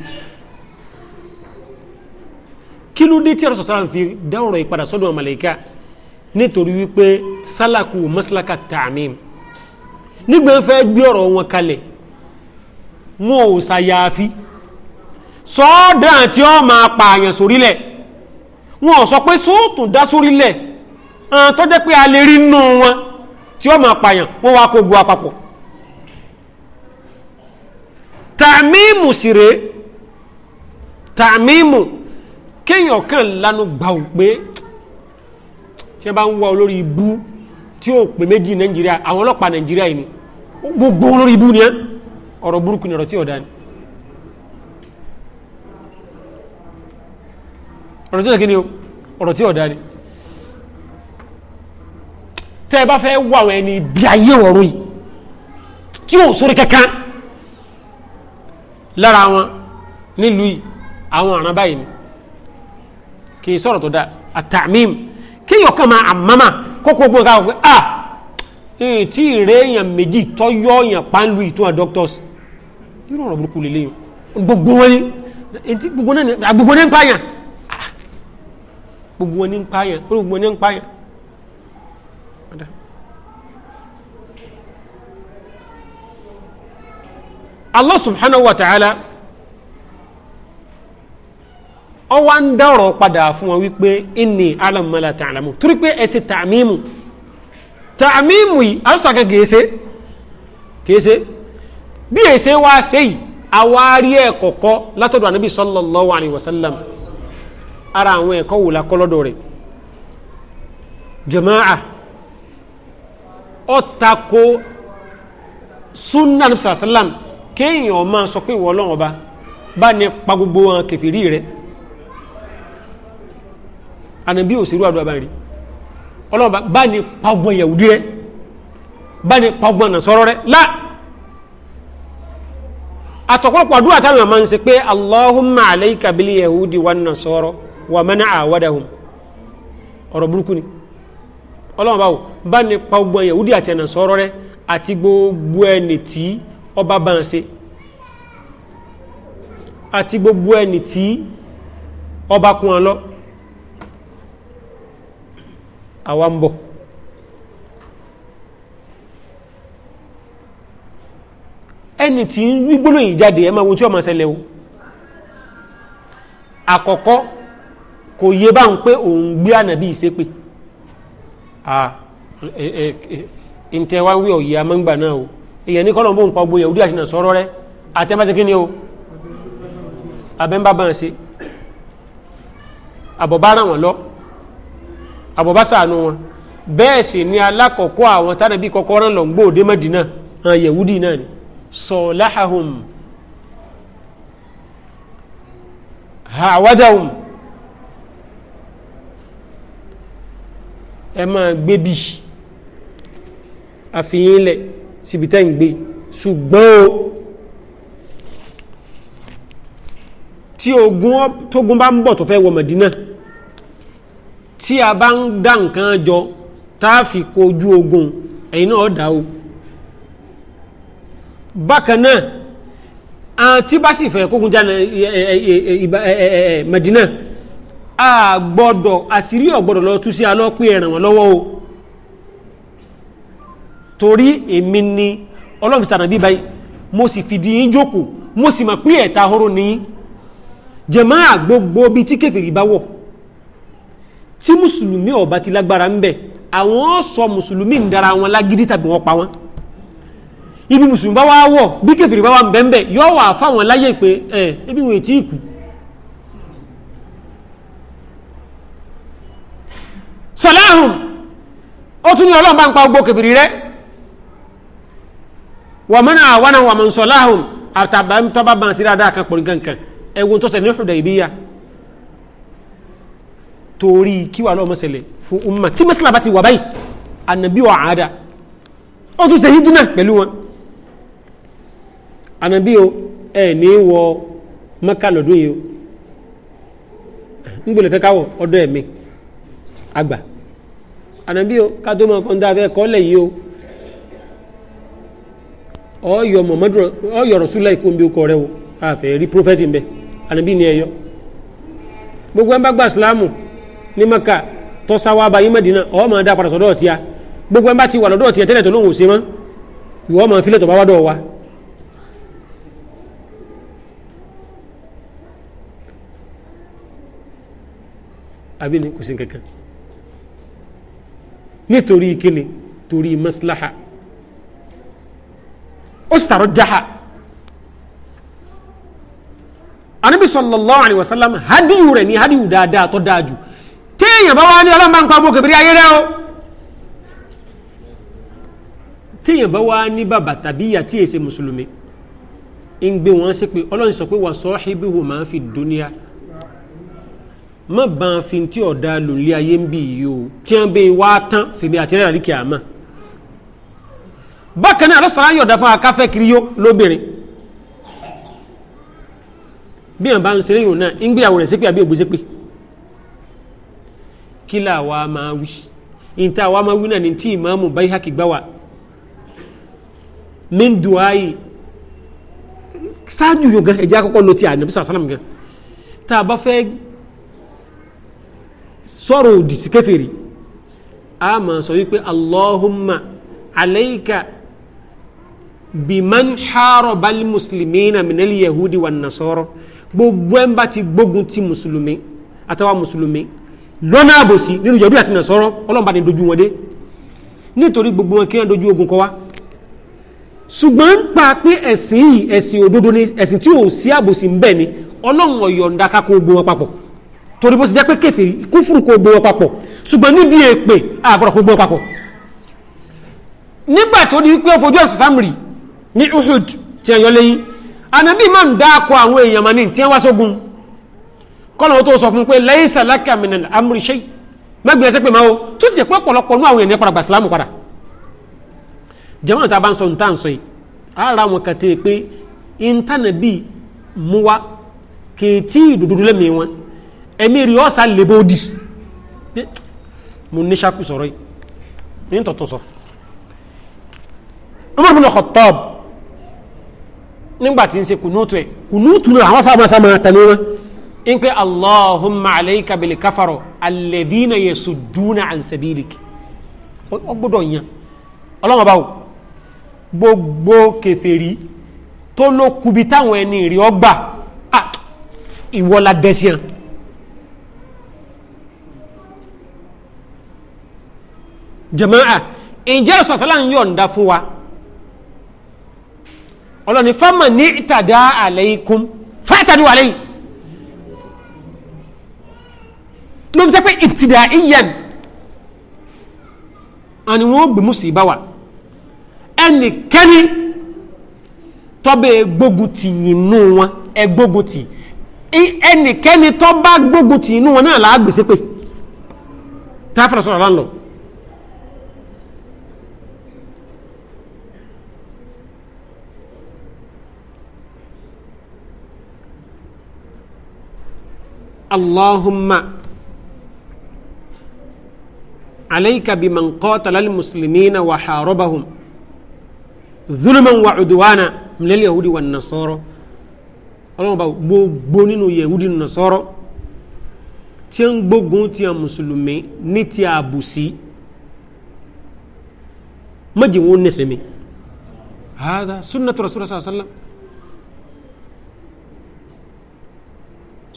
kí ló dé tí ẹ̀rọ sọ̀sọ́ra fi dáwọ̀rọ̀ ìpadà sọ́dọ̀ ọmọlẹ́ka nítorí wípé sálàkù mọ́sálàkà ta'mim nígbà fẹ́ gbé ọ̀rọ̀ wọn kalẹ̀ wọn ò ṣàyàfi sọ́ọ̀dàn tí ó máa pààyàn sórílẹ̀ wọn ò sọ pé sóòtún dá sórílẹ̀ tó jẹ́ pé a lè rí nù wọn tí ó máa pààyàn wọ́n wá kó gu àpapọ̀ tàmíìmù sì rèé tàmíìmù kéèyàn kan lanu gbàù pé tí wọ́n bá ń wá olórí ibú tí ó pè méjì nàìjíríà àwọn ọlọ́pàá nàìjíríà yìí ni gbogbo olórí ibú ni ọ̀rọ̀ burúkú ni ọ̀rọ̀ tí ọ̀dá ni ọ̀rọ̀ tí ó kíni o ọ̀rọ̀ tí ọ̀dá ni tẹ́ ẹ bá fẹ́ wà wọ́n ẹni bí ayé ọ̀rọ̀ yìí tí ò sórí kankan lára wọn nílùú yìí àwọn ọ̀ràn báyìí ni kì í sọ̀rọ̀ tó dáa àtàmím kí yọ̀kan máa àmàmà kókó gbọ́n ká wọ́n ah tí ìrẹ́ èèyàn méjì tọ́yọ́ èèyàn pánlú ìtún àwọn doctors irú ọ̀rọ̀ burúkú lélẹ́yìn gbogbo wọn ni gbogbo náà ń pààyàn gbogbo wọn ní ń pààyàn gbogbo wọn ní ń pààyàn. Allah subhanahu wa ta'ala ọ wá ń dọ̀rọ̀ padà fún wọn wípé inni alamala ta'alamu torí pé ẹ ṣe tààmímù yìí àṣàkà gèèṣe gèèṣe bí èṣe wá ṣe yìí ẹ̀ kọ̀kọ́ látọ̀dọ̀ ànábì sallallahu alayhi wa sallam. ara àwọn ẹ̀kọ́ wò la rẹ̀ jama'a ọ̀tako sunna nabi kéèyàn máa sọ pé ìwọ ọba bá ní pa gbogbo wọn kẹfìrí rẹ̀ ànàbí àdúrà bá rí bá ní pa yahudi rẹ̀ bá ní pa ọgbọ́n nàṣọ́rọ́ rẹ̀ láà àtọ̀pọ̀lọpọ̀ àdúrà táwọn máa ń ṣe pé allahumma yahudi wà mẹ́nà àwọ́dẹ̀hùn ọ̀rọ̀ burúkú ni ọlọ́run báwo bá ní pa gbogbo ẹ̀yẹ̀ wúdí àti ẹ̀nà sọ̀rọ̀ rẹ àti gbogbo ẹni tí ọba bá ń ṣe àti gbogbo ẹni tí ọba kún ọ lọ àwa ń bọ̀ ẹni tí ń gbígbóná yìí jáde ẹ máa wo tí ọmọ ṣẹlẹ̀ o àkọ́kọ́ kò yé bá ń pé òun gbé ànàbí ìsépè ǹtẹ̀ wá ń wí ọ̀yẹ́ amọ́ngbà náà o èyàn ní kọ́lọ̀ ń bò ń pa gbóyè òdí àṣìnà sọ̀rọ̀ rẹ àtẹ́másẹ́ kí ni o abẹ́ńbà ń ṣe àbọ̀bá ràn wọ́n lọ àbọ̀bá sàánú wọn bẹ́ẹ̀ sì ni alákọ̀ọ́kọ́ àwọn tánàbí kọ́kọ́ rán lọ gbó òde mẹ́dínà hàn yẹ̀wúdì náà ni sọ̀láhàhùn àwádàhùn. ẹ máa gbé bí àfihàn ilẹ̀ síbi tẹ́ ń gbé ṣùgbọ́n o tí ogun tógun bá ń bọ̀ tó fẹ́ wọ Mẹ̀dínà tí a bá ń dá nǹkan jọ tá a fi kojú ogun ẹ̀yin náà dá o bákan náà àwọn tí bá sì fẹ́ kógun já Mẹ̀dínà. E, e, e, e, e, e, a gbọ́dọ̀ àṣírí ọ̀gbọ́dọ̀ lọ túnṣe alọ́pẹ́ ẹ̀ràn wọn lọ́wọ́ o torí èmi ni ọlọ́run sàrán bí báyìí mo sì fìdí yín jókòó mo sì mọ̀ pé ẹ̀ta horo ni jẹ̀mọ́ àgbogbo bíi tí kẹfìrí bá wọ̀ tí mùsùlùmí ọba ti lágbára ń bẹ àwọn sọ mùsùlùmí ń dara wọn lágídí tàbí wọn pa wọn ibi mùsùlùmí bá wà wọ̀ bí kẹfìrí bá wà ń bẹ́ńbẹ́ yọ wà fáwọn láyé pé ẹ ebi wọn ètí ìkù sọláhùn ó tún ní ọlọ́run bá ń pa gbogbo kẹfìrí rẹ wàmọ́nà àwọn àwọn àmọ́ sọláhùn àtàbà tó bá bàn sí dáadáa kan pòrí kankan ẹ̀wọ̀n tó ṣẹlẹ̀ ní Hudaybiyah torí kí wà lọ́mọ ṣẹlẹ̀ fún umma tí mọ́sílá bá ti wà báyìí ànàbí wà áádá ó tún àgbà ànábí o ká tó máa kọ́ ń dá akẹ́ kọ́lẹ̀ yìí o ọ̀yọ̀ Muhammadu ọ̀yọ̀ Rasúlá ìkóńbi okọ̀ rẹ o àfẹ́ rí prọfẹ́tì ń bẹ ànábí ni ẹ̀yọ́ gbogbo ẹnba gba silamu ní maka tọ́sáwá abayé mẹ́dínà ọ̀ máa dá padà sọ́dọ̀ ọ̀tíya gbogbo ẹnba ti wà lọ́dọ̀ ọ̀tíya tẹ́lẹ̀ tó lóun ò ṣe mọ́ ìwọ́ máa filẹ̀ tó bá wá àbí ni kò sí kankan nítorí kíni torí maslaha ó sì tààrọ jaha anabi sallallahu alayhi wa sallam hadiyu rẹ ni hadiyu dáadáa tó dáa jù téèyàn bá wá ní ọlọ́mọ àǹpa bó kẹfìrí ayé rẹ o téèyàn bá wá ní bàbá tàbí ìyá tí èsè mùsùlùmí ń gbé wọn ṣépè ọlọ́run sọ pé wà sọ́ọ́ híbíhù máa ń fi dúníà má ban fi tí ọ̀dà lòlẹ́ ayé ń bì yìí o tí wọ́n bẹ wá tán fèmí àti rẹ̀ àríkì àmọ́ bákan náà lọ́sàn án yọ̀dà fún akáfẹ́ kiri yó lóbìnrin bí wọn bá ń ṣe léyìn náà ń gbéyàwó rẹ̀ ṣépè àbí ògbó ṣépè kí là wá máa wí ìta wá máa wí náà ní tí ìmáàmù Bayhaqi gbá wa min duayi ṣáájú yóò gan ẹ̀jẹ̀ àkọ́kọ́ lọ ti Ànábì sàlámù gan tá a bá fẹ́ sọ̀rọ̀ òdì sí kèfèrí a máa sọ wípé allahumma alayka biman haraba al-muslimina minal yahudi wan nasara gbogbo ẹ̀ ń bá ti gbógun ti mùsùlùmí àtàwọn mùsùlùmí lọ́nà àbòsí nínú yahudi àti nasara ọlọ́run bá ní dojú wọn dé nítorí gbogbo wọn kí wọ́n dojú ogun kọ wá ṣùgbọ́n pa pé ẹ̀sìn yìí ẹ̀sìn òdodo ni ẹ̀sìn tí ò sí àbòsí ń bẹ ni ọlọ́run ọ̀yọ̀ǹda kakó gbogbo wọn papọ̀ torí bó ti jẹ́ pé kèfèrí kúfùrù kò gbowó papọ̀ ṣùgbọ́n níbi èpè àgbọ̀rọ̀ kò gbowó papọ̀ nígbà tó di pé fojú ẹ̀sìn sámìrì ní Uhud tí ẹ̀yọ́ lẹ́yìn anabi máa ń dá akọ àwọn èèyàn mani tí wọ́n sógun kọ́nà ó tó sọ fún pé laysa laka minal amri shay mẹ́gbẹ̀ẹ́ ẹsẹ̀ pé máa o tó ti jẹ́ pé ọ̀pọ̀lọpọ̀ nú àwọn èèyàn padà gbà sílámù padà jẹ́mọ́nà tá a ní tá ẹ̀mí rí ọ̀sà lèbòdì mo ní sákù sọ̀rọ̀ yìí ní tọ̀tún sọ Umar bin Khattab nígbà tí ń ṣe kùnúùtù ẹ̀ kùnúùtù náà àwọn fáwọn sáwọn tani wọn in pe Allahumma alayka bil kafaro alladhina yasudduna an sabilik ọgbọ́dọ̀ yan ọlọ́wọ́n báwo gbogbo kèfèrí tó ló kubi táwọn ẹni rí ọgbà ah, ìwọ́la dẹ́síàn jama'a ǹjẹ́ sọ̀sọ́lá ń yọ̀ǹda fún wa ọlọ́ni fáma ní ìtàdá àlẹ́ikún fẹ́tàdú àlẹ́yìn ló fi jẹ́ pé ìtìdá ìyẹn àni wọ́n gbé mú sí báwa ẹnikẹ́ni tọ́bẹ̀ gbógun ti yìnú wọn ẹ gbógun ti ẹnikẹ́ni tọ́bá gbógun ti wọn náà làá gbèsè pé táfẹ́rẹ́ sọ̀rọ̀ láńlọ́ọ̀ اللهم عليك بمن قاتل المسلمين وحاربهم ظلما وعدوانا من اليهود والنصارى alyahudi wa nasara ọlọ́run bá gbogbo nínú yahudi nasara tí ń gbógun ti àwọn mùsùlùmí ní ti àbùsí méjì wọn nísìmí hada sunnatu rasulullah sallallahu alaihi wasallam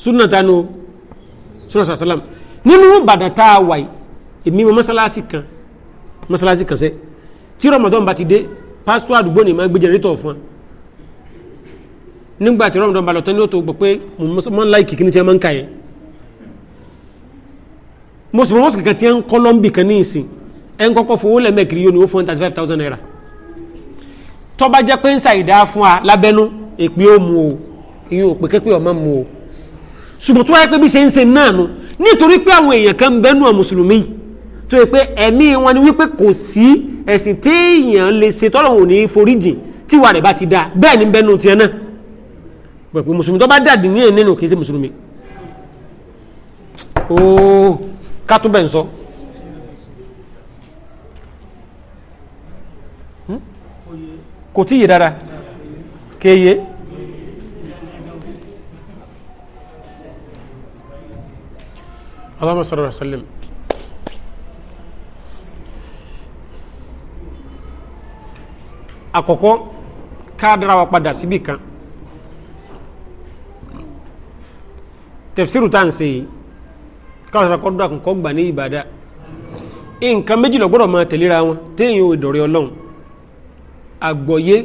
sunnatanu sọlá sàlám nínú ìbàdàn tá a wà yìí èmi mo mọ́sálásí kan mọ́sálásí kan sẹ́ tí rọmọdọ́n bá ti dé pásítọ̀ àdúgbò ni máa gbé jẹrẹ́tọ̀ fún wa nígbà tí rọmọdọ́n bá lọ tán ní ó tó gbọ́ pé mo mọ́ ń láì kìkì ní tí wọ́n máa ń kà yẹn mo sì mọ́ mọ́sùn kankan tí wọ́n ń kọ́ lọ́mbì kan ní ìsìn ẹ̀ ń kọ́kọ́ fowó lẹ́mẹ̀kiri yóò ní ó fún thirty five thousand naira tọ́ba jẹ́ pé ń ṣàìdá fún wa lábẹ́nú èpè ó mu o ìyún òpè kékeré ọmọ mu o ṣùgbọ́n tó wáyé pé bí ṣe ń ṣe náà nu nítorí pé àwọn èèyàn kan ń bẹ́nu àwọn mùsùlùmí tó yẹ pé ẹ̀mí wọn ni wípé kò sí ẹ̀sìn téèyàn lè ṣe tọ́lọ́wọ̀n ò ní foríjìn tíwà rẹ̀ bá ti dáa bẹ́ẹ̀ ni bẹ́nu tiẹ̀ náà pẹ̀pẹ́ mùsùlùmí tó bá dàdí ní ẹ̀nínú kì í ṣe mùsùlùmí ooo ká bẹ́ẹ̀ ń sọ. Hmm? kò tí ì yé dára kéye. اللهم صل وسلم àkọ́kọ́ ká dára wa padà síbi kan tẹ̀fsíru tá à ń ṣe yìí káwọn sọ̀rọ̀ kọ́dọ̀ àkùnkọ́ gbà ní ìbàdà nǹkan méjì ló gbọ́dọ̀ máa tẹ̀léra wọn téèyàn ò ọlọ́run àgbọ̀yé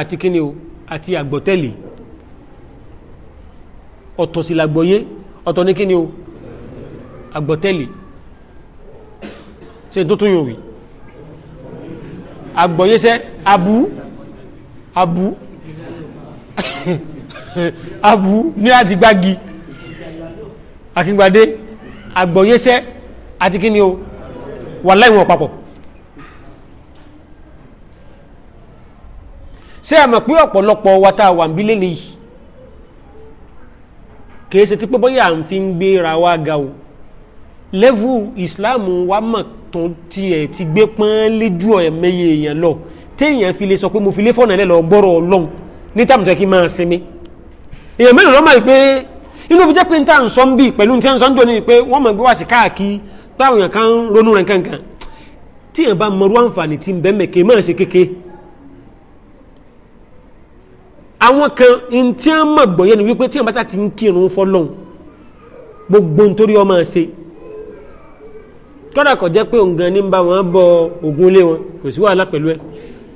àti kíni o àti àgbọ̀tẹ́lì ọ̀tọ̀sílàgbọ̀yé ọ̀tọ̀ ní kíni o àgbọ̀tẹ́lì ṣe tó tún yóò wí àgbọ̀yẹ́sẹ́ abú abú [LAUGHS] abú ní àti gbági akíngbadé àgbọ̀yẹ́sẹ́ àti kíni o wà láìwọ̀n papọ̀ ṣé àmọ̀ pé ọ̀pọ̀lọpọ̀ wa wà ń bí lélẹ́yìí kìí ṣe tí pé bóyá à ń fi ń gbéra wa ga o lẹ́fù ìsìláàmù wa mọ̀ tó tiẹ̀ ti gbé pọ́n lójú ẹ̀mẹ́yẹ èèyàn lọ téèyàn fi lè sọ pé mo fi lé fọ́nà ẹ̀ lọ gbọ́rọ̀ ọlọ́run ní tàbí kí n máa sinmi èèyàn mélòó lọ́mọ yìí pé inú fi jẹ́ pé n ta n sọ ń bì pẹ̀lú n ti n sọ ń jọ ni pé wọ́n mọ̀ gbé wá sí káàkiri táwọn èèyàn kan ronú rẹ̀ kankan tíyẹn bá mọ̀rú àǹfààní ti ń bẹ́ẹ̀ mẹ́kẹ́ máa ṣe kékeré àwọn kan n tí wọ́n mọ̀ gbọ́ yẹn ni wípé tí wọ́n bá sá ti ń kírun fọlọ́hún gbogbo nítorí ọmọ ṣe kọ́dà kọ̀ jẹ́ pé òǹgan ní bá wọn bọ ògùn ilé wọn kò sí wàhálà pẹ̀lú ẹ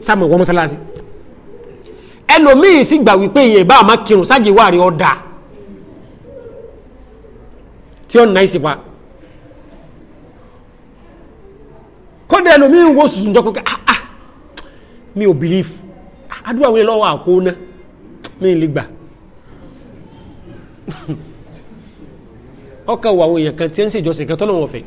sáàmù wọn mọ́sálásí ẹlòmíì sì gbà wípé ìyẹn bá àmọ́ kírun sáàjì wà rí ọ̀dà tí ó nà ìsìpa kọ́dà ẹlòmíì wo sùsùn jọ pé ah ah mi ò bìlíf àdúrà wọlé lọ́wọ́ àkóóná mi lè gbà ọkàn wà àwọn èèyàn kan tí ń ṣèjọsìn kan tọ́lọ́wọ́n ọ̀fẹ́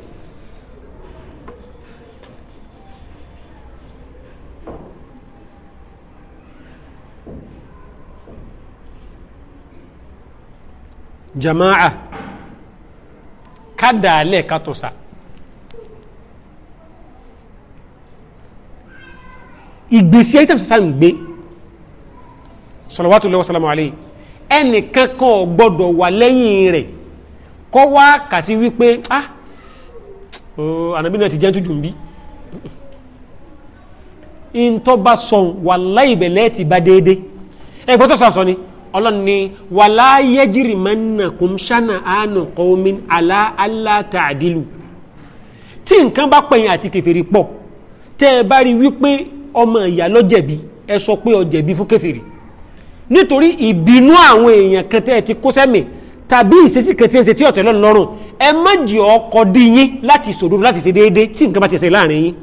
jama'a kádàálẹ̀ kátọ̀sà ìgbésí ayé tẹ̀sán gbé salawatullahi wa salamu alayhi ẹnìkan kan gbọ́dọ̀ wà lẹ́yìn rẹ̀ kọ́ wá kàsí wípé ah ànàbí náà ti jẹ́ tuntun bí ntọ́ba sọ̀n wà láìbẹ̀lẹ́ ti bá déédé ẹgbẹ́ tó sàṣọ ni ọlọ́ni wà láyẹ́jìrì mẹ́nà kò ń ṣànà àánú kọ́ọ́mí alá alá tàdílù tí nǹkan bá pẹ̀yìn àti kẹfìrí pọ̀ tẹ́ ẹ bá rí wípé ọmọ ìyá lọ́jẹ̀bi ẹ sọ pé ọjẹ̀bi fún kẹfìrí nítorí ìbínú àwọn èèyàn kan tẹ́ ẹ ti kó sẹ́mi tàbí ìṣesí kan tí ń ṣe tí ọ̀tẹ̀ lọ́rùn ẹ má jì ọkọ̀ dí yín láti sòdodo láti ṣe déédéé tí nǹkan bá ti ṣe láàrin yín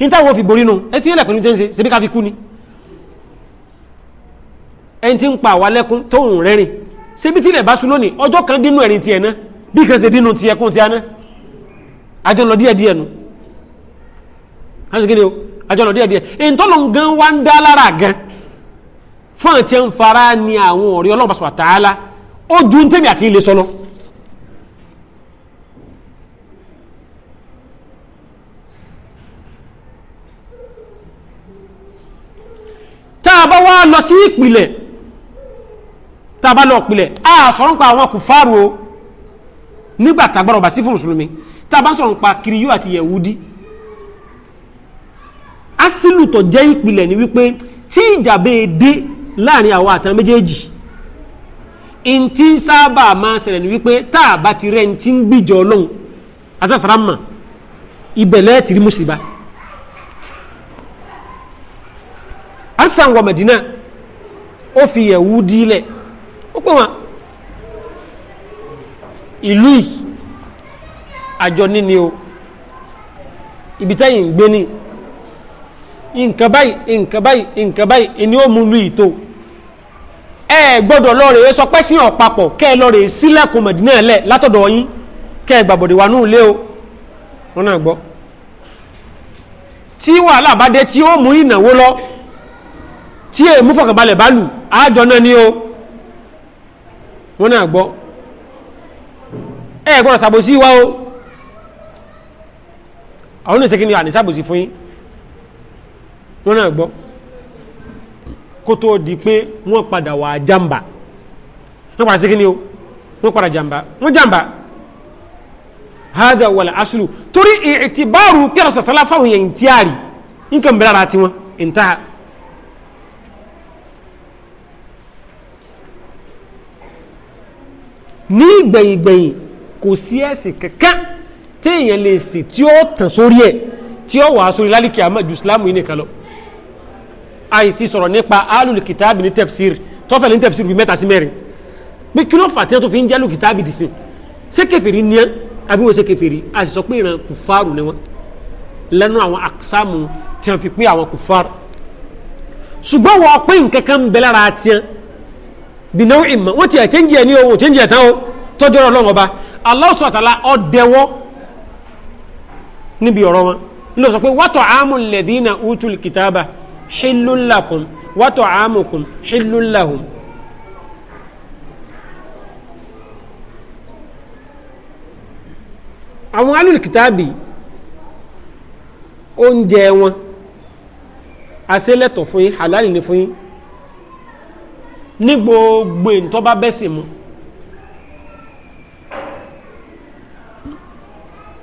ní táwọn fi borí nu ẹ fi ẹlẹ pẹ̀lú tẹ́ǹsẹ̀ ṣe bí ká fi kú ni ẹni tí ń pa àwa lẹ́kún tóun rẹ́rìn ṣe bí tilẹ̀ bá sún lónìí ọjọ́ kan dínú ẹ̀rín tiẹ̀ ná bí kan ṣe dínú tiẹ̀ kún tiẹ̀ ná àjọ lọ díẹ̀ díẹ̀ nu fún àti ń fara ni àwọn ọ̀rẹ́ ọlọ́run pàṣẹ àtàlá ó ju ń tẹ̀mí àti ilé sọ́nà. tá a bá wá lọ sí ìpìlẹ̀ tá a bá lọ ìpìlẹ̀ a sọ̀rọ̀ nípa àwọn kùfàrù o nígbà tágbàrọ̀ bá sí fún mùsùlùmí tá a bá àti yẹ̀wúdí asílù jẹ́ ìpìlẹ̀ ni wípé tí ìjàmbá èdè e láàrin àwọn àtàn méjèèjì ntí sábà máa ṣẹlẹ̀ ní wípé tá a bá ti rẹ̀ ntí ń gbìjọ ọlọ́run àtàsàrà mà ìbẹ̀lẹ̀ tìrí mùsùlùmá ansan wọ Madina ó fi yẹ̀wù dílẹ̀ ó pè ìlú yìí àjọ níní o ibi táyì ń gbé ní. nǹkan báyìí nǹkan báyìí nǹkan báyìí ni ó mú lu ìtò ẹ gbọ́dọ̀ lọ́ọ̀rẹ́ sọ pé sí ọ̀pápọ̀ kẹ́ ẹ lọ́ọ̀rẹ́ sílẹ̀kùn mọ̀dínà lẹ̀ látọ̀dọ̀ yín kẹ́ ẹ gbàbọ̀dẹ̀ wà núùlé o wọn náà gbọ́ tí wàhálà bá dé tí ó mú ìnáwó lọ tí èèmú fọkànbalẹ̀ bá lù àjọ náà ni o wọn náà gbọ́ ẹ gbọ́dọ̀ ṣàbòsí wa o àwọn oníṣègùn ni àníṣàbòsí fún yín wọ́n náà gbọ́ kó tó di pé wọ́n padà wà jàmbá wọ́n padà sí kí ni o wọ́n padà jàmbá wọ́n jàmbá hada wàlẹ̀ asulu torí ìtìbáàrù kí ọ̀sẹ̀ sálá fáwọn yẹn ń tíyàrí nǹkan bẹ̀rẹ̀ ara tiwọn ń ta ha. ní ìgbẹ̀yìngbẹ̀yìn kò sí ẹ̀sìn kankan téèyàn lè sè tí ó tàn sórí ẹ̀ tí ó wàá lálẹ́ kí a máa ju islam yìí nìkan lọ àì ti sọ̀rọ̀ nípa alul kitabi ní tefsir tọ́fẹ̀ ní tefsir bíi mẹ́ta sí mẹ́rin pé kí ló fà tí wọ́n tó fi ń jẹ́ alul kitabi dì sí ṣé kèfèrí ní ẹ́ àbí wọ́n ṣe kèfèrí a sì sọ pé ìran kùfàrù ni wọ́n lẹ́nu àwọn àkísàmù tí wọ́n fi pín àwọn kùfàrù ṣùgbọ́n wọ́n pín nǹkan kan bẹ lára tiẹ̀ bí náwó ìmọ̀ wọ́n ti ẹ̀ tí ń jẹ́ ní o tọ́jú ọ̀rọ̀ ọlọ́run ọba Allah subhanahu wa ta'ala ọ̀dẹ̀wọ́ níbi ọ̀rọ̀ wọn ló sọ pé wọ́tọ̀ àmúlẹ̀dínà utul hillul lakum wa ta'amukum hillul lahum. àwọn alùkìtàbí oúnjẹ wọn asélẹ̀tọ̀ fún yín halal ni fún yín ní gbogbo ìtọ́ bá mu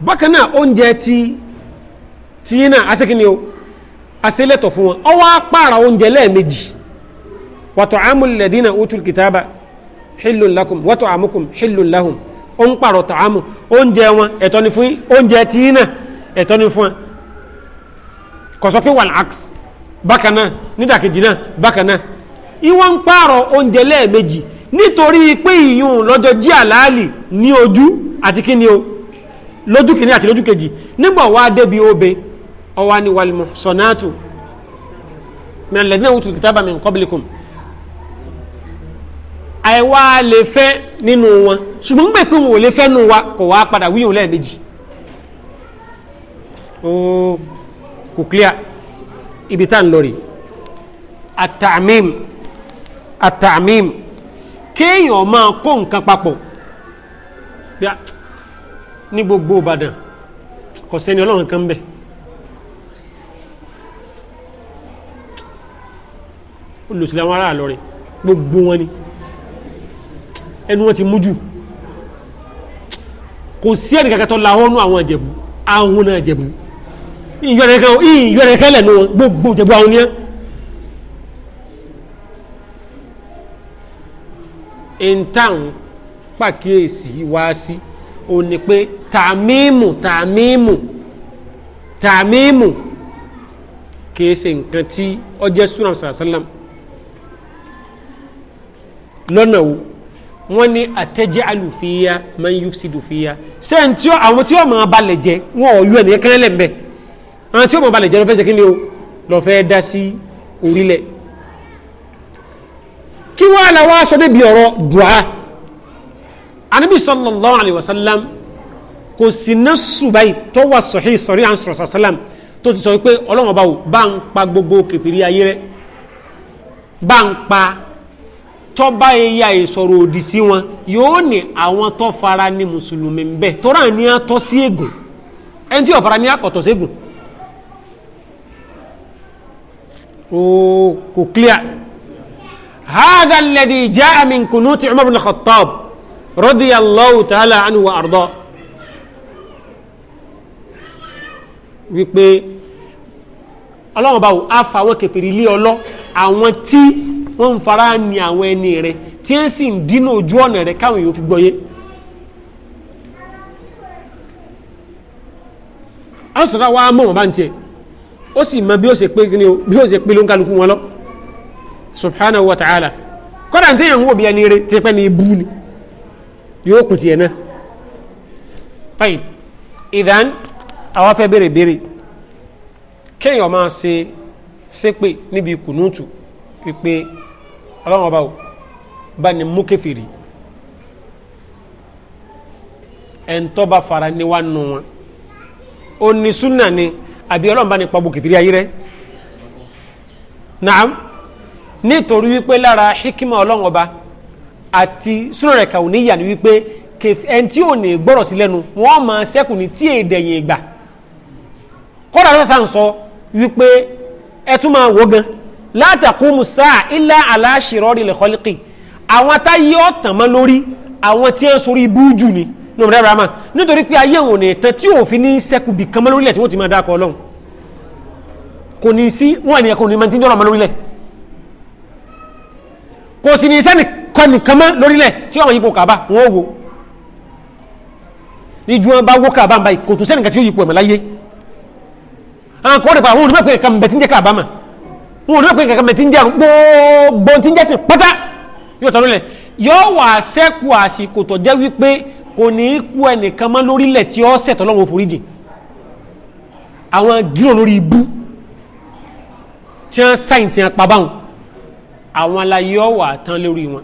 bákan náà oúnjẹ ti ti yín náà asékìní o àṣẹlẹ̀tọ̀ fún wọn ọwọ́ apára oúnjẹ lẹ́ẹ̀mejì wàtò amúlẹ̀dínà utul kìtàbà hillun lakum wàtò amukum hillun lahum ó ń pààrọ̀ tọ̀ amú oúnjẹ wọn ẹ̀tọ́ ni fún oúnjẹ tí í náà ni fún wọn kọ̀sọ́ pé wal aks bákan náà nídàkejì náà bákan náà ìwọ́n ń pààrọ̀ oúnjẹ lẹ́ẹ̀mejì nítorí pé ìyún lọ́jọ́ jí àlàálì ní ojú àti kíni o lójú kìíní àti lójú kejì nígbà wá débi obe ọwọ́ ni wàlmù sọ̀nàtù mìíràn lẹ́yìn náà wùtù kìtàbà min qablikum àìwá lè fẹ́ nínú wọn ṣùgbọ́n gbé pé wọn ò lè fẹ́ nù wa kò wá padà wíyùn lẹ́ẹ̀mejì ooo kò clear ibi tá à ń lọ rè kéèyàn máa kó nǹkan papọ̀ ní gbogbo Ìbàdàn kò sẹ́ni ọlọ́run kan bẹ́ẹ̀. olùsílẹ̀ àwọn aráàlọ́ rẹ̀ gbogbo wọn ni ẹnu wọn ti mú jù kò sí ẹ̀rí kankan tó lahọ́nú àwọn ìjẹ̀bú àwọn náà ìjẹ̀bú ìyọ̀rẹ̀kẹ́ lẹ̀nu wọn gbogbo ìjẹ̀bú àwọn yẹn ìntàn pàkíyèsí wá sí ó ní pé tàmíìmù tàmíìmù tàmíìmù kìí ṣe nǹkan tí ó jẹ́ súnà lọ́nà wo wọ́n ní àtẹ́jẹ́ àlùfíà máa ń yúfsìdù fíà sẹ́yìn tí àwọn tí wọ́n máa balẹ̀ jẹ́ wọ́n ò yọ ẹ̀nìyẹn kẹ́lẹ́ lẹ́m̀bẹ́ àwọn tí wọ́n máa balẹ̀ jẹ́ lọ́fẹ́ sẹ́kí ni o lọ́fẹ́ dá sí orílẹ̀ kí wọ́n àlà wá sọ débi ọ̀rọ̀ dùá anábì sallallahu alayhi wa sallam kò sì ná ṣùgbọ́n tó wà sọ̀hí sọ̀rí à ń sọ̀rọ̀ sàlám tó ti sọ pé ọlọ́wọ́n bá wò bá ń pa gbogbo kẹfìrí ayé rẹ bá ń pa tọ́ba eya ìsọ̀rọ̀ òdì sí wọn yóò ní àwọn tó fara ní mùsùlùmí ń bẹ tọ́ra ní atọ́ sí ègùn ẹni tí ọ̀fara ní akọ̀tọ̀ sí ègùn ooo kò clear هذا الذي جاء من كنوت عمر بن الخطاب رضي الله تعالى عنه وأرضاه. wípé ọlọ́run báwo á fa àwọn kẹfìrí ilé ọlọ́ ó ń fara ni àwọn ẹni rẹ tí ń sì ń ojú ọ̀nà rẹ káwọn yóò fi gbọ́yé. àtúntà wa mọ̀ wọ́n bá ń tiẹ̀ ó sì mọ bí ó ṣe pé kí ni o bí ó ṣe pé ló ń kálukú wọn lọ subhanahu wa ta'ala kọ́dà tí èèyàn ń wò rẹ ti pẹ́ ni ibú ni yóò ọlọ́run ọba bá ní mú kẹfìrí ẹ̀ńtọ́ bá fara ni àbí ọlọ́run bá ní kẹfìrí ayé rẹ naam nítorí wípé lára hikima ọlọ́run ọba àti wípé ò ní gbọ́rọ̀ sí lẹ́nu wọ́n máa ní tí látàkùnmù sáà ilá aláṣirọ́rì lẹ́kọ́lẹ́kì àwọn táyé ọ̀tàn mọ́ lórí àwọn tí wọ́n sori búùjù ni nùmọ̀rẹ́ abrahamu nítorí pé ayé òun nìtàn tí òfin ní sẹ́kù bì kan mọ́ lórílẹ̀ tí wọ́n ti máa dákọ̀ ọlọ́run kò ní sí wọn ènìyàn kò ní máa ti ń jọ́rọ̀ mọ́ lórílẹ̀ kò sì ní sẹ́ni kọ́ni kan mọ́ lórílẹ̀ tí wọ́n yípo kàbá wọn wò ní ju wọn bá wó kàbá báyìí kò tún sẹ́ni kan tí ó yípo ẹ̀mọ́ wọn ò ní pé kankan mẹ ti ń jẹun gbogbo ti ń jẹsìn pátá yóò tán lólẹ̀ yóò wà sẹ́kù àsìkò tó jẹ́ wípé kò ní í kú ẹnìkan mọ́ lórílẹ̀ tí ó ṣẹ̀tọ́ lọ́wọ́ foríjì àwọn gírò lórí ibú tí wọ́n sáyìn tí wọ́n pa báwọn àwọn alayé ọ̀wà tán lórí wọn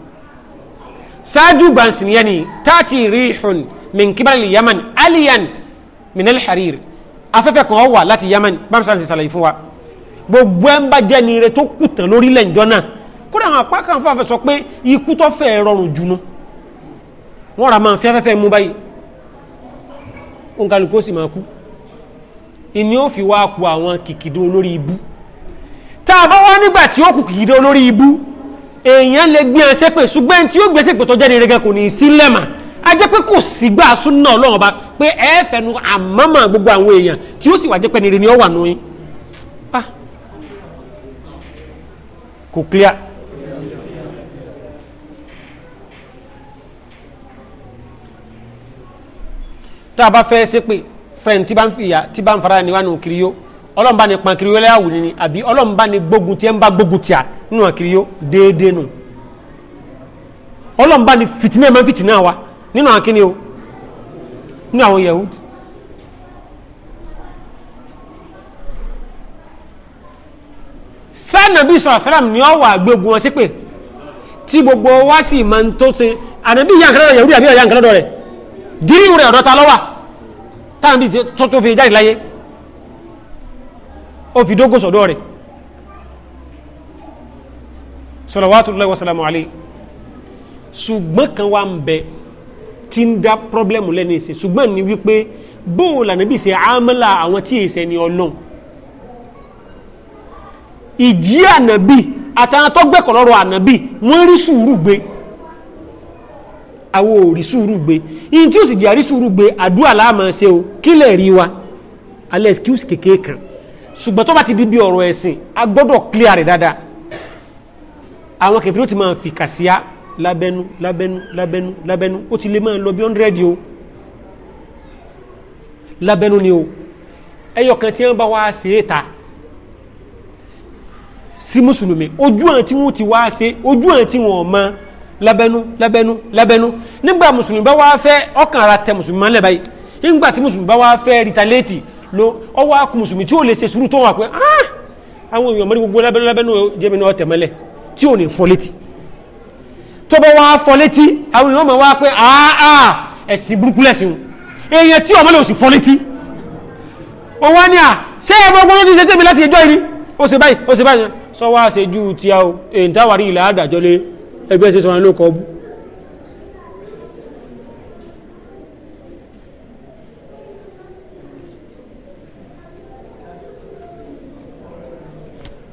ṣáájú gbansin yẹn ni táàtì rihun min kibali yaman aliyan minel harir afẹ́fẹ́ kan wà láti yaman bámi sáà ti fún wa gbogbo ẹ̀ ń bá jẹ́ ni ire tó kù tán lórílẹ̀ ńjọ́ náà kódà àwọn apá kan fàfẹ́ sọ pé ikú tó fẹ́ rọrùn jùnú wọ́n ra máa ń fẹ́fẹ́fẹ́ mú báyìí òǹkàlùkù ó sì máa kú ìní ó fi wá ku àwọn kìkìdó olórí ibú tá a bá wá nígbà tí ó kù kìkìdó olórí ibú èèyàn lè gbé ẹ sépè ṣùgbọ́n tí ó gbé sépè tó jẹ́ ní kò ní í sílẹ̀ mà a jẹ́ pé kò sígbà súnà ọlọ́run ọba pé ẹ fẹnu àmọ́mọ́ gbogbo àwọn èèyàn tí ó sì wà jẹ́ pé ní ni ó wà nù yín ah, kuklya tá a bá fẹ́ ṣépè fẹ́ni tí bá ń fìyà tí bá ń fara ni wà nù kiri yó ọlọ́mùbá ni pan kiri yó lẹ́yà wù àbí ọlọ́mùbá ni gbógun tí ẹ ń bá gbógun tí a nù kiri yó déédéé nù ọlọ́mùbá ni fìtínà ẹ̀ máa ń fìtínà wa nínú àwọn o nínú àwọn yahudi sanabi sọ̀rọ̀ sálàm ni ọ wà gbogbo wọn sí pé tí gbogbo wa sì máa ń tó ṣe ànábì yà nkàlọ́dọ̀ yẹ̀wúrí àbí ọ̀yà nkàlọ́dọ̀ rẹ̀ gíríwù rẹ̀ ọ̀dọ́ta lọ́wà táwọn bíi tó tó fi jáde láyé ó fi dógò sọ̀dọ̀ rẹ̀ salawatullahi wa salamu alayhi ṣùgbọ́n kan wà ń bẹ tí ń dá pọ́blẹ́mù lẹ́nu ìsìn ṣùgbọ́n ni wípé bóòlù ànábì ṣe àmàlà àwọn tí èsẹ̀ ni ọlọ́run ìjí ànàbì àtàwọn tó gbẹ̀kọ̀ lọ́rọ̀ ànàbì wọ́n rí sùúrù gbé àwọn ò rí sùúrù gbé yìí tí ó sì jẹ́ àrí sùúrù gbé àdúrà láàmà ṣe o kí lè rí wa alẹ́ excuse kékeré kan ṣùgbọ́n tó bá ti di bí ọ̀rọ̀ ẹ̀sìn a gbọ́dọ̀ clear rẹ̀ dáadáa àwọn kẹfìrí ó ti máa fi kàṣíá lábẹ́nú lábẹ́nú lábẹ́nú lábẹ́nú ó ti lè máa lọ bí hundred o lábẹ́nú ni o ẹyọ kan tí wọ́n bá wá ṣe é ta sí mùsùlùmí ojú àwọn tí wọ́n ti wá ṣe ojú àwọn tí wọ́n mọ lábẹ́nú lábẹ́nú lábẹ́nú nígbà mùsùlùmí bá wá fẹ́ ọkàn ara tẹ mùsùlùmí mọ́lẹ̀ báyìí nígbà tí mùsùlùmí bá wá fẹ́ rìtàlẹ́tì ló ọwọ́ akú mùsùlùmí tí ó lè ṣe sùúrù tó wà pé ah! àwọn èèyàn mọ́rí gbogbo lábẹ́nú lábẹ́nú jẹ́mi náà tẹ̀ mọ́lẹ̀ tí ò ní fọ́ létí tó bá wá fọ́ létí àwọn èèyàn máa wá pé ah, ah ẹ̀sìn burúkú lẹ́sìn èèyàn tí ọmọ lè sì fọ́ létí ó wá ní à ah, ṣé ẹ̀mọ́ gbọ́dọ̀ ti ṣe tẹ̀mí láti ẹjọ́ yìí ó ṣe báyìí ó ṣe báyìí sọ́wọ́ àṣejú tí a ò èyí táwàrí ilẹ̀ àdàjọ́lé ẹgbẹ́ ṣe sọ́rọ̀ ló kọ́ bú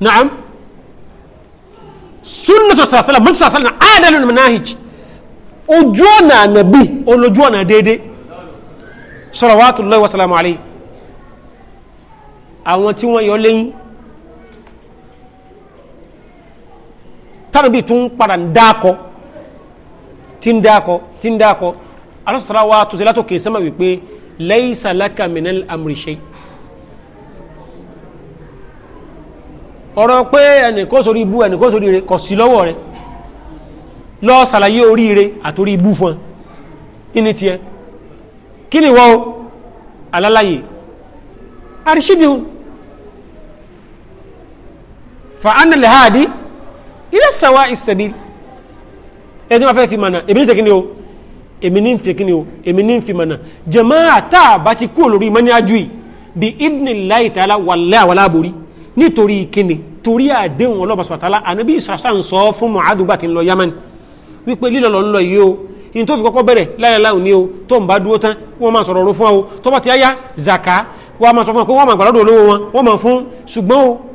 na'am sunnatu sàṣàlá mọ́tò sàṣàlá àádẹ́lú manahij ojú ọ̀nà ànàbí olójú ọ̀nà dédé salawatullahi wa salamu alayhi àwọn tí wọ́n yọ lẹ́yìn tánàbí tún padà ń dákọ tí ń dákọ tí ń dákọ alásùtàrà wa tó ṣe látòkè sẹ́mà wípé laysa laka minal amri shay ọ̀rọ̀ pé ẹnìkó sórí ibú ẹnìkó sórí ire kò sí lọ́wọ́ rẹ lọ́ọ́ sàlàyé oríire àtòrí ibú fún ẹ ní tiẹ̀ kí ni wọ́n alálàyé àrísídìí fa anil hadi ilé sàwà ìsẹ̀bí ẹni wọ́n fẹ́ fi mọ̀nà èmi ní sẹ́kíní o èmi ní fi kíní o èmi ní fi mọ̀nà jàmáà tá a bá ti kú olórí mọ́ni ajú yìí bí idnillahi ta'ala wàlẹ́ àwọn aláborí nítorí kíni torí àdéhùn ọlọ́bàṣọ àtàlà ànábì ìsàsà ń sọ fún mọ̀ádùgbà tí ń lọ yamani wípé lílọ lọ ń lọ yìí o in tó fi kọ́kọ́ bẹ̀rẹ̀ láìláìláì ní o tó ń bá dúró tán wọ́n máa sọ̀rọ̀ ọ̀run fún wa o tó bá ti yá zaka wọ́n máa sọ fún wa pé wọ́n máa gbàlódò olówó wọn wọ́n máa fún ṣùgbọ́n o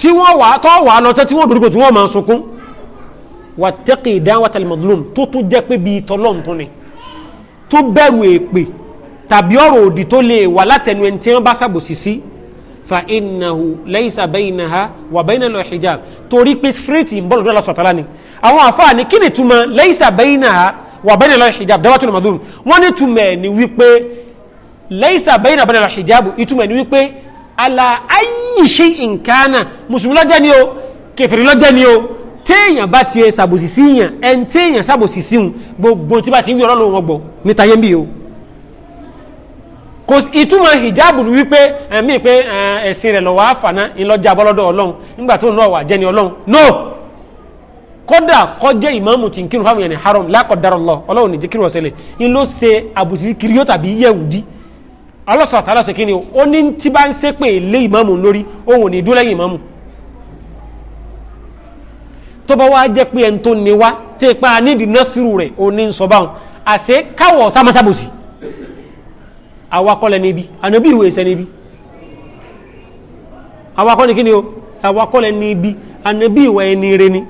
tí wọ́n wà tọ́ wà lọ tẹ́ tí wọ́n dorúkọ tí wọ́n máa sunkún wà tẹ́kì ìdáwàtàlì mọ̀dúlùm tó tún jẹ́ pé bíi tọ́lọ́m tún ni tó bẹ̀rù èpè tàbí ọ̀rọ̀ òdì tó lè wà látẹnu ẹni tí wọ́n bá ṣàbòsí sí fa innahu laysa baynaha wa bayna lọ hijab torí pé fírètì ń bọ́lọ̀ dọ́là sọ̀tàlá ni àwọn àfáàní kí ni túmọ̀ laysa baynaha wa bayna lọ hijab dáwàtàlì mọ̀dúlùm wọ́n ní túmọ̀ ẹ̀ ni wípé laysa bayna bayna lọ hijab ìtumọ̀ ẹ̀ wípé ala ayi ṣe nkánà mùsùlùmí lọ́jẹ́ ni o kẹfìrí lọ́jẹ́ ni o téèyàn bá tiẹ̀ sàbòsì sí yàn ẹn téèyàn sàbòsì sí yàn gbogbo tí bá ti ń wí ọlọ́run wọn gbọ́ níta yẹn bí o kò ìtumọ̀ hijabu ni wípé ẹ̀mí pé ẹ̀sìn rẹ̀ lọ́wọ́ àfàná ńlọ́jà bọ́lọ́dọ̀ ọlọ́run nígbà tó ń lọ́wọ́ àjẹ́ ni ọlọ́run no kódà kọjẹ́ ìmáàmù tí ń kírun fáwọn yẹn ní haram lákọ̀dárọ̀ lọ ọlọ́run ní jẹ́ kírun ọ̀sẹ̀ lẹ̀ ń lọ ṣe àbòsí kiri yóò tàbí yẹ̀wù dí alọ́sọ̀rọ̀ tààlà ṣe kí ni ó ní tí bá ń ṣépè lé ìmáàmù lórí òun ò ní dúró lẹ́yìn ìmáàmù tó bá wá jẹ́ pé ẹni tó ní wá tó ipa nídìí násìrù rẹ̀ ò ní sọ báwọn àṣẹ káwọ̀ sámásábòsì awakọ́lẹ̀ níbi ànábì ìwé ìṣẹ́ níbi awakọ́ ni kí ni o awakọ́lẹ̀ níbi ànábì ìwé ẹni rẹ ni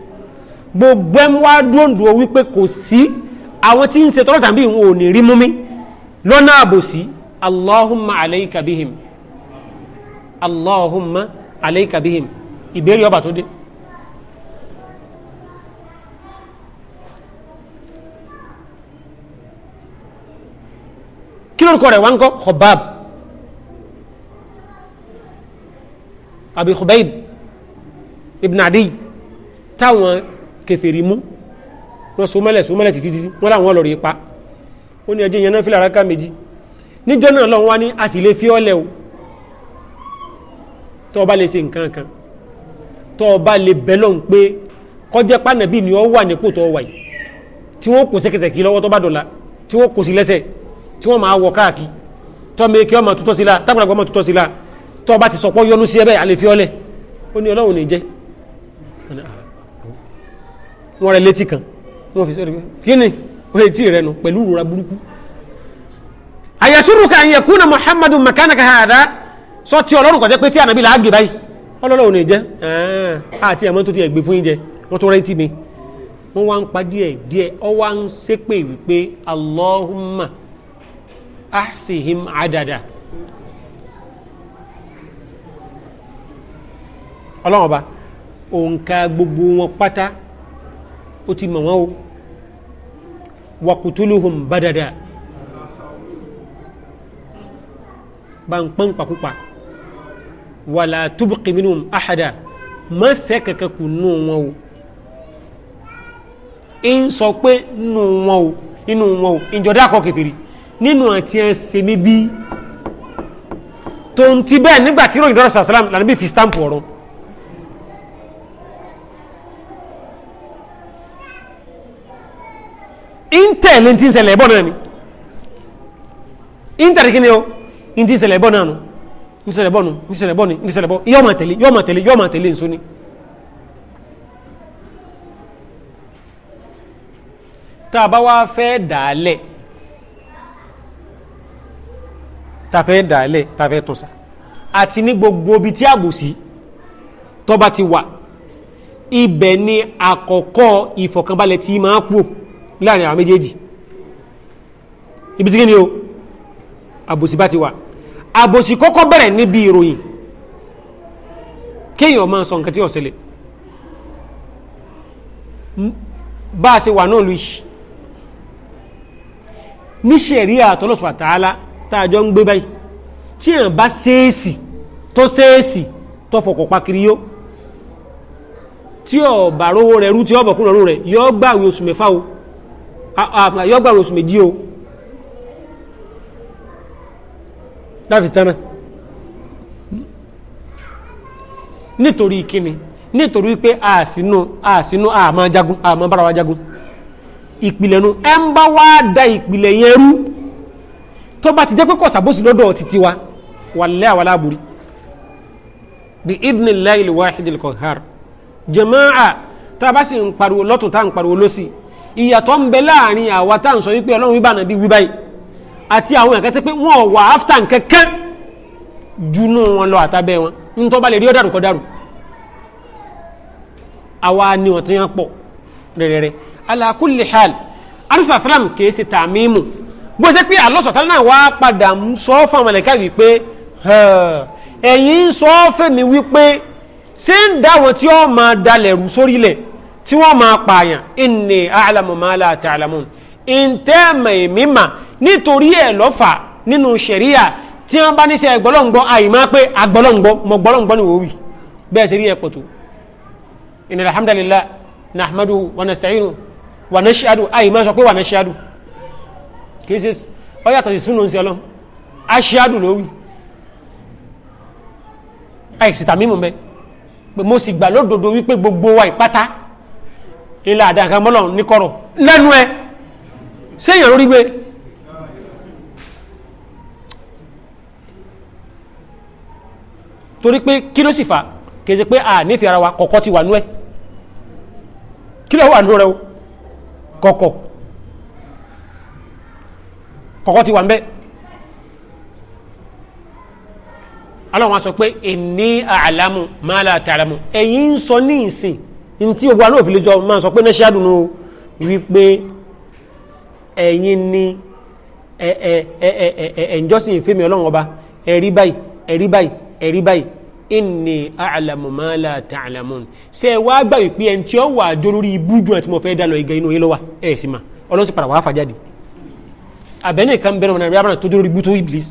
gbogbo ẹ̀ ń wá dúndùn wípé kò sí àwọn tí ń ṣe tọ́lọ́tà bí ò ní rí mú mi lọ́nà àbòsí allahumma alayka bihim allahumma alayka bihim ìbéèrè ọba tó dé. kí ló ń kọ rẹ̀ wá ń kọ́ Khobab àbí Khubayb ibn Adi táwọn kèfèrí mú wọn so mẹ́lẹ̀ so títí wọn làwọn lọ rí ó ní ẹjẹ́ yẹn náà fi làrákà méjì níjọ́ náà lọ́wọ́ wá ní a fi ọ́lẹ̀ o tọ́ bá lè ṣe nǹkan kan tọ́ bá lè bẹ́ lọ́hùn pé kọjá pànàbí ni ọ wà nípò tọ́ wà yìí tí wọ́n kò sẹ́kẹsẹ̀kì lọ́wọ́ tó bá dọ̀la tí wọ́n kò sí lẹ́sẹ̀ tí wọ́n máa wọ káàkiri tọ́ mi kí ọmọ tutọ́ sí la tábìlàgbọ́ ọmọ tutọ́ sí la tọ́ bá ti sọ̀pọ̀ yọnu sí ẹbẹ̀ àlè fi ọ́lẹ̀ ó ní ọlọ́run ní jẹ́ wọ́n rẹ̀ létí kan wọ́n fi sọ́ọ́ àyẹ̀sùrù kan yẹ kúnà muhammadu makanaka hàdá sọ ti ọlọ́run kọjá pé tí ànábì làágì báyìí ọlọ́run ò ní jẹ́ àti ẹ̀mọ́ tó ti ẹ̀gbẹ́ fún yín jẹ wọ́n tó rántí mi wọ́n wá ń pa díẹ̀ díẹ̀ ọ wá ń ṣépè wípé allahumma ahsihim adada ọlọ́run ọba òǹkà gbogbo wọn pátá ó ti mọ̀ wọ́n o wàkùtùlùhùn bàdàdà. bá ń pọ́n pàkúpa wàlà tubqi minhum ahada má ṣe kankan kù nù wọn o ń sọ pé nù wọn o inú wọn o ìjọdá kọ ti bẹ́ẹ̀ nígbà tí ròyìn dọ́rọ̀ fi stamp ọ̀run intel ti ń ṣẹlẹ̀ ẹ̀bọ̀n náà ni intel kí ni o ní ti ṣẹlẹ̀ bọ́ náà nu ní ti ṣẹlẹ̀ bọ́ nu ní ti ṣẹlẹ̀ bọ́ ni ní ti ṣẹlẹ̀ bọ́ yọ́ọ̀ máa tẹ̀lé yọ́ọ̀ máa tẹ̀lé yọ́ọ̀ máa tẹ̀lé nsọ ni. tá a bá wá fẹ́ dàálẹ̀ tá a fẹ́ dàálẹ̀ tá a fẹ́ tọ̀sà àti ti wà ibẹ̀ ni àkọ́kọ́ ìfọ̀kànbalẹ̀ tí máa kú láàrin àwọn méjèèjì ibi tí kí àbòsí bá ti wà àbòsí kọ́kọ́ bẹ̀rẹ̀ níbi ìròyìn kéèyàn máa sọ nǹkan tí ó ṣẹlẹ̀ bá a ṣe wà náà lu ìṣì ní ṣẹ̀rí àtọ́lọ́sọ̀ àtàlá tá a jọ ń gbé báyìí tí èèyàn bá ṣèèsì tó ṣèèsì tó fọkọ̀ pa kiri yó tí ọ̀bà rówó rẹ̀ rú tí ọ̀bọ̀kúnrọ̀ rú rẹ̀ yọ gbàwé oṣù mẹ́fà o yọ gbàwé oṣù méjì o. láfi tánà nítorí kíni nítorí wípé àsínú àsínú àmọ́ jagun àmọ́ bára wa jagun ìpìlẹ̀ nu ẹ ń bá wá da ìpìlẹ̀ yẹn rú tó bá ti jẹ́ pé kọ̀sàbóṣì lọ́dọ̀ títí wa wàlẹ́ àwọn aláàbùrí bí idnillahi al-wahid al-qahhar jama'a tá a bá sì ń pariwo lọ́tún tá a ń pariwo lọ́sì ìyàtọ̀ ń bẹ láàrin àwa tá à ń sọ wípé ọlọ́run wíbà náà bí wíbáyìí àti àwọn ẹ̀kẹ́ tí pé wọ́n wà áfítà nkẹ́kẹ́ junú wọn lọ àtàbẹ́ wọn ní tó bá lè rí ọ̀dàrú kọ́ dàrú àwa ni wọ́n ti yàn pọ̀ rẹ̀rẹ̀rẹ̀ ala kulli hal arúsà sálàm kìí ṣe tààmímù bó ṣe pé àlọ́sọ̀tà náà wá padà ń sọ fún àwọn ẹ̀ka wípé ẹ̀yin ń sọ fẹ́mi wípé ṣé ń dá wọn tí wọ́n máa dalẹ̀ rú sórílẹ̀ tí wọ́n máa pààyàn inni a'lamu ma la ta'lamun ntẹ́ẹ̀mọ̀ ìmímà nítorí ẹ̀ lọ́fà nínú ṣẹ̀ríà tí wọ́n bá níṣẹ́ gbọ́lọ́ngbọ́ àyìnbá pé agbọ́lọ́ngbọ́ mọ̀ gbọ́lọ́ngbọ́ ni wò wí bẹ́ẹ̀ ṣe ẹ̀ pọ̀tù inna alhamdulillah nahmadu wa nasta'inu wa nashhadu àyìnbá sọ pé wa nashhadu kì í ṣe ọ yàtọ̀ sí súnú sí ọlọ́ aṣíádù ló wí àìsí tàmí mọ̀ mẹ́ pé mo sì gbà lódodo wípé gbogbo wa ìpátá ilé àdàkàmọ́lọ̀ ní lẹ́nu ẹ̀ séèyàn lórí gbé torí pé kí ló sì fà kèsì pé a nífẹ̀ẹ́ ara wa kọ̀kọ́ ti wà nú ẹ̀ kí ló wà nú rẹ o kọ̀kọ̀ kọ̀kọ́ ti wà ń bẹ́ aláwọn sọ pé ìní àlámù máa là ẹ̀yìn ń sọ ní ìsìn ní tí ogun alóòfin lè jọ máa sọ pé náà ṣáàdùn wípé ẹ̀yin ni ẹ̀ǹjọ́sìn ìfẹ́mi ọlọ́run ọba ẹ̀rí báyìí ẹ̀rí báyìí ẹ̀rí báyìí inni a'lamu ma la ta'lamun ṣe é wá gbà wípé ẹni tí ó wà dórí ibú ju àti mo fẹ́ dá lọ ìgbà inú yín lọ́wọ́ ẹ̀ sì mà ọlọ́sìn padà wàá fàjáde àbẹ́nìkan bẹ́ẹ̀ náà rẹ̀ abẹ́rẹ́ tó dórí ibú tó iblis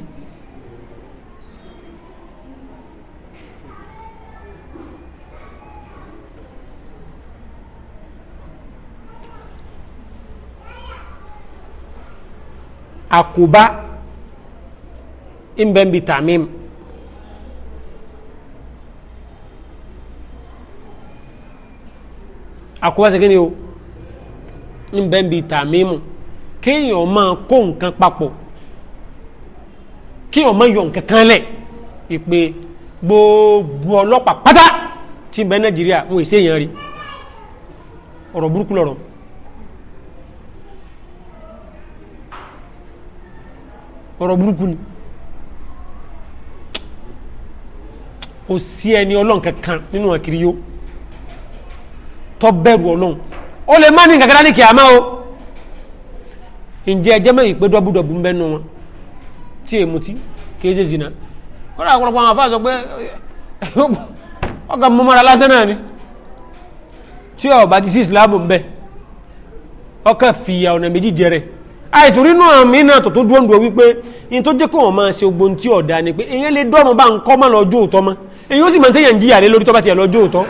àkóbá ńbẹ́ńbi tamim, àkóbá ṣe kíni o ńbẹ́ńbi tàmímù kéèyàn máa kó nǹkan papọ̀ kéèyàn máa yọ nǹkan kan lẹ̀ ìpè gbogbo ọlọ́pàá pátá tí bẹ Nàìjíríà wọn ì sèèyàn rí ọ̀rọ̀ burúkú lọ̀rọ̀. ọ̀rọ̀ burúkú ni kò sí ẹni ọlọ́run kankan nínú àkiri yó tó bẹ̀rù ọlọ́run ó lè má ní kankan ní kìámá o ǹjẹ́ ẹjẹ́ mẹ́rin pé dọ́bùdọ̀bù ń bẹ́ nu wọn tí èmu tí kìí ṣe zina kọ́dà ọ̀pọ̀lọpọ̀ àwọn afáàsọ pé ọkà mọ́mọ́ra lásán náà ni tí ọba ti sí Islam ń bẹ ọkà fìyà ọ̀nà méjì jẹrẹ àìtòrí náà mí náà tó tó dúró ń dúró wípé in tó jẹ́ kó wọn máa ṣe ogbon tí ọ̀dà ni pé èyàn lè dọ́mọ bá ń kọ́ mọ́ lọ́jọ́ òótọ́ mọ́ èyàn ó sì máa ń tẹ̀yàn jíyà lé lórí tọ́ bá tiẹ̀ lọ́jọ́ òótọ́.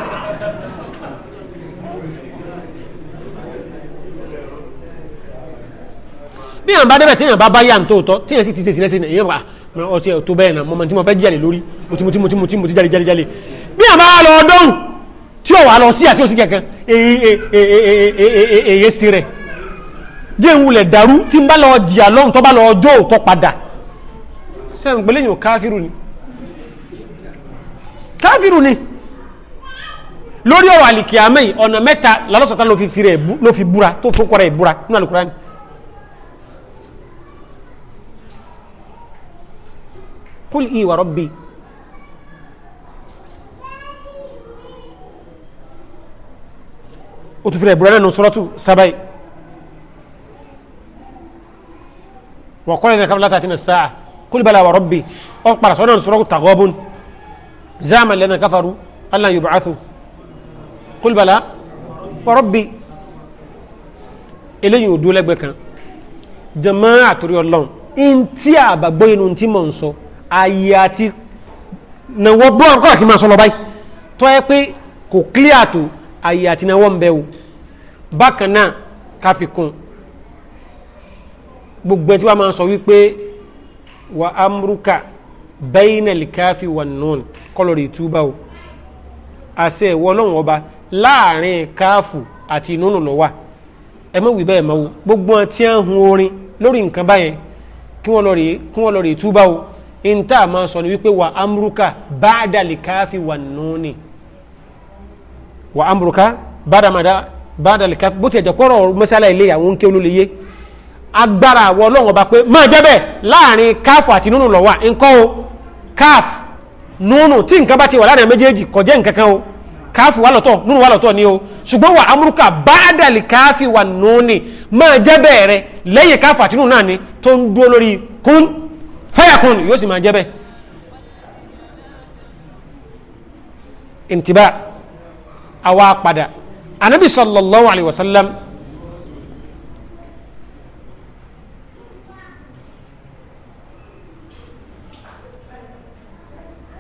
bí àwọn bá débẹ̀ téèyàn bá bá yà ń tóòtọ́ téèyàn sì ti ṣe sílẹ̀ sílẹ̀ èyàn wà ọtí ẹ̀ tó bẹ́ẹ̀ náà mo máa tí mo fẹ́ jíyà lé lórí mo ti mo ti mo ti mo ti mo ti jáde jáde jáde bí àwọn bá lọ dọ́hùn jẹ́ ìwúlẹ̀ dàrú tí ń bá lọ jìyà lọ́run tó bá lọ ọjọ́ òótọ́ padà sẹ́yìn pẹ̀lú èèyàn káfíru ni káfíru ni lórí ọ̀rọ̀ àlìkìyàmẹ́ ọ̀nà mẹ́ta lọ́lọ́sọ̀tà ló fi fi rẹ̀ ló fi búra tó fún kọ́ra ìbúra nínú àlùkùrá ni kúl ìwà rọ́bì ó tún fi rẹ̀ náà nù sọ́rọ́tù sábàyìí وقال قبل لا تأتينا الساعة قل بلى وربي أقبل سؤالنا سورة تغاب زعم الذين كفروا ألا يبعثوا قل بلى وربي eléyìí ò dúró lẹ́gbẹ̀ẹ́ kan jẹ̀mọ́ àtòrí ọlọ́run ntí àbàgbọ́ inú ntí mọ̀ ń sọ ayé àti nàwọ́ bọ́ọ̀ kọ́ àkí máa sọ lọ báyìí tó yẹ pé kò clear tó ayé àti nàwọ́ ń bẹ o bákan náà káfíkún gbogbo ẹtí wa máa sọ wípé wà amruka bayna likafi wà nùn kọlọ̀rì túbà o àṣẹ ìwọ ọlọ́run ọba láàrin káàfù àti nùnù lọ́wà ẹ mọ̀ wí bẹ́ẹ̀ mọ́ o gbogbo ẹtí à ń hun orin lórí nǹkan báyẹn kí wọ́n lọ rèé kí wọ́n lọ rèé túbà o níta máa sọ ni wípé wà amruka ba'da likafi wà nùnì wà amruka ba'da likafi bó ti ẹ̀jẹ̀ kọ́rọ̀ mọ́sálà ilé àwọn ń ké olólè agbára àwọn ọlọ́run ọba pé máa jẹ́ láàrin káàfù àti núnù lọ́wọ́ nǹkan o káàfù núnù tí nǹkan bá ti wà láàrin méjèèjì kò jẹ́ nǹkan kan o káàfù wà lọ́tọ̀ núnù wà lọ́tọ̀ ni o ṣùgbọ́n wà amúrúkà báàdàlì káàfù wà núnì máa jẹ́ bẹ́ẹ̀ rẹ lẹ́yìn káàfù àti núnù náà ni tó ń dúró lórí kún fayakun yóò sì máa jẹ́ bẹ́ẹ̀. àwa padà anabi sallallahu alayhi wa sallam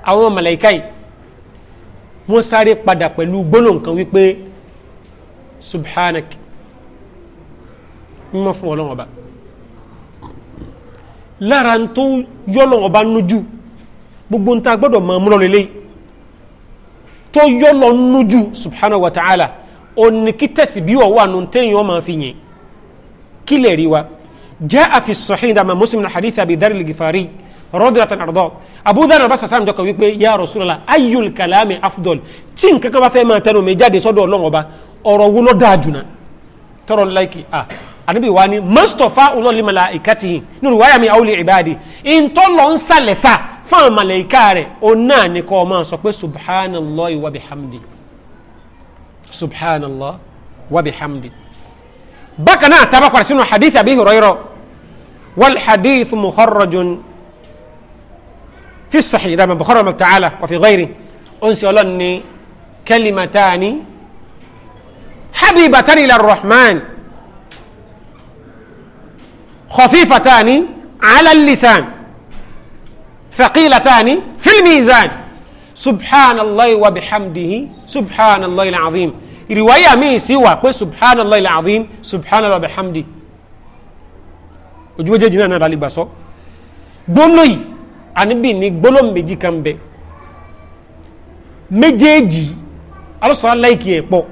àwọn màláíkà yìí wọ́n sáré padà pẹ̀lú gbólóhùn kan wípé subhanak mímọ́ fún ọlọ́wọ́n ọba lára ń tó yọ́lọ́wọ́n ọba nújú gbogbo ń ta gbọ́dọ̀ máa múlọ lélẹ́yìí tó yọ́lọ́ nújú subhanahu wa ta'ala òní kí tẹ̀sí bí wọ́n wà nù téèyàn ọmọ fi yẹn kí rí wa jẹ́ àfisọ̀hìn dàmà muslim na hadith abi dhar gifari rọ́dìrátà nàrọ́dọ́ abúdàrà bá sàsàm jọkọ̀ wípé ya Rasulullah ayul kalami afdol tí nǹkan kan bá fẹ́ máa tẹnu mi jáde sọ́dọ̀ ọlọ́run ọba ọ̀rọ̀ wo ló dáa jùlọ tọrọ láìkì a ànábì wa ni mọ́sítọ̀fà ọlọ́ọ̀lì malaikatihi nínú wáyà mi àwòlì ìbáàdì ìntọ́lọ́ ń sàlẹ̀ sá fún àwọn màláìka rẹ̀ òun náà ni kọ́ ọ máa sọ pé subhanallahi wa bihamdi subhanallah wa bihamdi bákan náà tabakwara sínú hadith Abi في الصحيح إذا من بخار من تعالى وفي غيره أنسي ولني كلمتان حبيبتان إلى الرحمن خفيفتان على اللسان ثقيلتان في الميزان سبحان الله وبحمده سبحان الله العظيم رواية مين سوى سبحان الله العظيم سبحان الله وبحمده وجوجي جنان على لباسه بوم bi ni gbólóhùn meji kan bẹ méjèèjì k'e aláìkì ẹ̀ pọ̀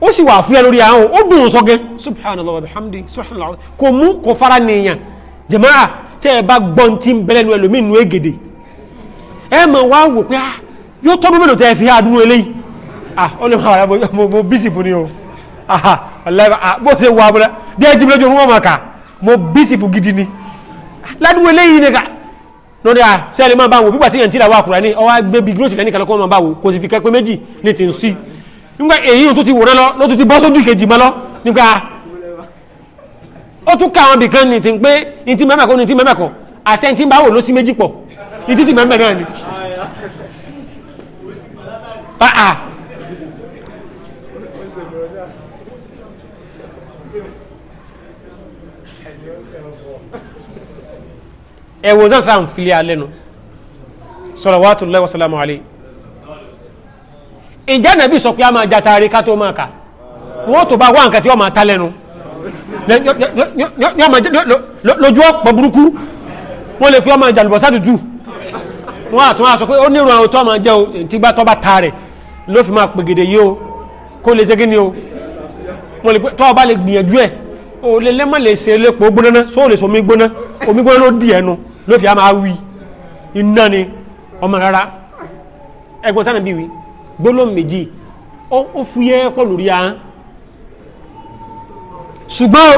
o si waa wà fúyà lórí o ó dùn sọ gẹ subhanallah alhamdi subhanallah ko mu ko fara nìyàn jẹ̀máà tẹ́ ẹ bá gbọ́n tí ń bẹ̀rẹ̀ nu ẹlòmíì nu égede wa mọ̀ wá wò pé ah, yóò ẹ fi àdúró ah ara o ah, ah, wa mo gidi ni. ládùúgbò eléyìí nìkan lórí à sẹ́ẹ̀lì máa bá wò bígbà tí yẹn ti ra wà kúrẹ́ ní ọwọ́ gbẹ́bí gíròtì lẹ́nìkan lọ́kọ́ máa bá wò kò sì fi kẹ́pẹ́ méjì ní ti ń sí nígbà èyí tó ti wòrán lọ ló tún ti bọ́ sódù ìkejì mọ́ lọ nígbà ó tún ká àwọn bìkan ní ti ń pé ní ti mẹ́mẹ́kọ́ ní ti mẹ́mẹ́kọ́ àṣẹ ní ti ń bá wò ló sí méjì pọ̀ ní ti sì mẹ́mẹ́ náà ni. Ah, ah. ẹ̀wọ̀n náà sáà ń filẹ̀ alẹ́ nu salawatullahi wa salamu alayhi ìjẹ́ nàbí sọ pé a máa jataare ká tó máa kà wọ́n tó bá wá nǹkan tí wọ́n máa ta lẹ́nu lójú ọ̀pọ̀ burúkú wọ́n lè pé ọmọ ìjàlùbọ̀sá dúdú wọ́n àtún àṣọ pé ó nírun àwọn tó máa jẹ́ o tí gbá tọ́ bá ta rẹ̀ ló fi máa pègèdè yìí o kó lè ṣe kí ni o wọ́n lè pé tọ́ bá lè gbìyànjú ẹ̀ o lè lẹ́mọ̀ lè ṣe lépo gbóná náà sóò lè sọ omi gbóná omi gbóná ló di ẹnu ló fi a máa wí iná ni ọmọ rárá ẹgbọ́n tánà bí wí gbólóhùn méjì ó fúyẹ́ pọ̀ lórí ahọ́n ṣùgbọ́n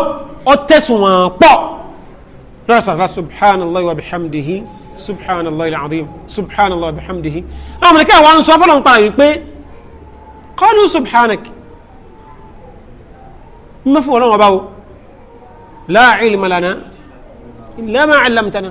ó tẹ̀sùn wọn pọ̀ lọ́rọ̀ sàrà subhanallah wa bihamdihi subhanallah al-azim subhanallah wa bihamdihi àwọn ọmọdé káwọn ń sọ fọlọ́n pa yìí pé qalu subhanak mímọ́ fún ọlọ́wọ́n báwo la ilma lana illa ma allamtana.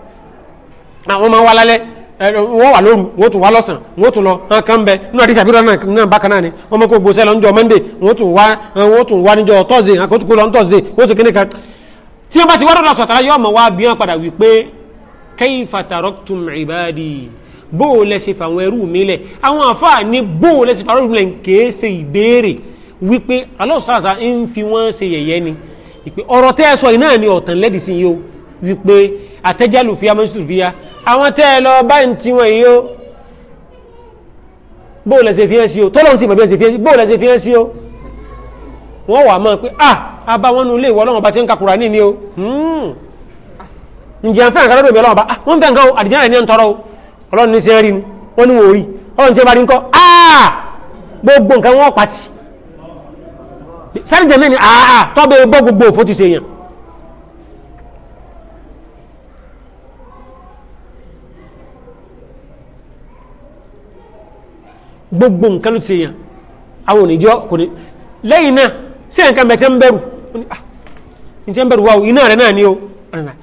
àwọn ah, máa ń wá lálẹ́ eh, wọ́n wà lóru wọ́n tún wá lọ́sàn wọ́n tún lọ hàn kán bẹ nínú àdìsí àbúrò náà bákan náà ni wọ́n mọ̀ kó gbòòsẹ́ lọ níjọ́ Monday wọ́n tún wá eh, wọ́n tún wá níjọ́ Thursday àkó tún kó lọ ní Thursday wọ́n tún kíni kan. tí wọ́n bá ti wá lọ́dọ̀ sọ̀tara yóò mọ̀ wá bí wọ́n padà wípé kayfa taraktum ibadi bó o lẹ ṣe fàwọn ẹrú mi lẹ àwọn àfáà ní bó o lẹ ṣe fàwọn ẹrú mi lẹ kèé ṣe ìbéèrè wípé alọ́sọ̀rọ̀sà ń fi wọ́n ṣe yẹ̀yẹ́ ni ọ̀rọ̀ tẹ́ ẹ sọ yìí náà ni ọ̀tàn lẹ́dìí yìí o wípé àtẹ́jálù fìyà mọ́sùtù fìyà àwọn tẹ́ ẹ lọ bá ń tiwọn yìí o bóò lẹ́sẹ̀ fi hàn sí o tọ́lọ́run sì mọ̀ bí ẹ̀sẹ̀ fi hàn sí bóò lẹ́sẹ̀ fi hàn sí o wọ́n wà mọ́ pé ah abá wọn nu ilé ìwọ ọlọ́run ọba ti ń ka Kùránì ni o hmm. ǹjẹ́ àǹfẹ́ àǹkan lọ́dọ̀ mi ọlọ́run ọba ah wọ́n ń fẹ́ nǹkan o àdìjẹ́ àìní ń tọrọ o ọlọ́run ní sẹ́ rí nu wọ́n ní wòórí ọlọ́run tí ó bá rí ń kọ́ ah gbogbo nǹkan wọn pàtì sáré jẹ́ mẹ́ni ah, ah tọ́bẹ̀ gbọ́ gbogbo òfò ti ṣèyàn gbogbo nǹkan ló ti yàn àwọn oníjọ́ kò ní lẹ́yìn náà sí ẹ̀ǹkan bẹ̀ tẹ́ ń bẹ̀rù ní ah, tẹ́ ń bẹ̀rù wa iná rẹ̀ náà ni o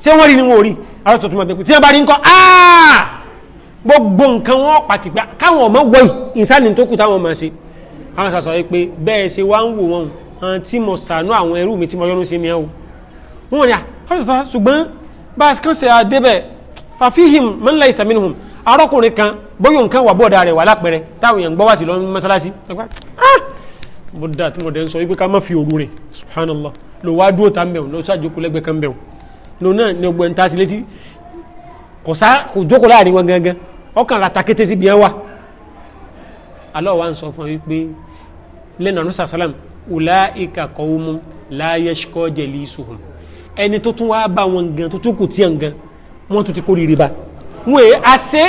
ṣé wọ́n rí ni wọ́n rí ara tuntun màbẹ̀kù tí wọ́n bá rí nǹkan ah! gbogbo nǹkan wọn pàtìgbà káwọn ọmọ wọ̀ yìí ìsánì tó kù táwọn máa ṣe àwọn sàṣọ yìí pé bẹ́ẹ̀ ṣe wá ń wò wọn hàn tí mo sànú àwọn ẹrú mi tí mo yọnu sí mi o wọn rí a ṣùgbọ́n bá a kàn ṣe àdébẹ̀ fàfihìm man laysa minhum arọ́kùnrin kan bóyá nǹkan wà bọ́ọ̀dà rẹ̀ wà lápẹ̀rẹ̀ táwọn èèyàn gbọ́ wá sí lọ mọ́sálásí ah! mo dà tí mo dẹ̀ ń sọ wípé ká má fi òru rìn subhanallah lò wá dúró tá ń bẹ̀rù lọ sáàjókòó lẹ́gbẹ̀ẹ́ kan bẹ̀rù lò náà ní ọgbẹ́ ń ta sí létí kò sá kò jókòó láàrin wọn gangan ọkàn rata kété síbi ẹ wà Allah wa ń sọ fún wípé lẹ́nà anúsà sálàm ulaika qawmun la yashqa jalisuhum ẹni tó tún wá bá wọn gan tó tún kù tí ẹ̀ gan wọ́n tún ti kórìírí bá wọn è e, ase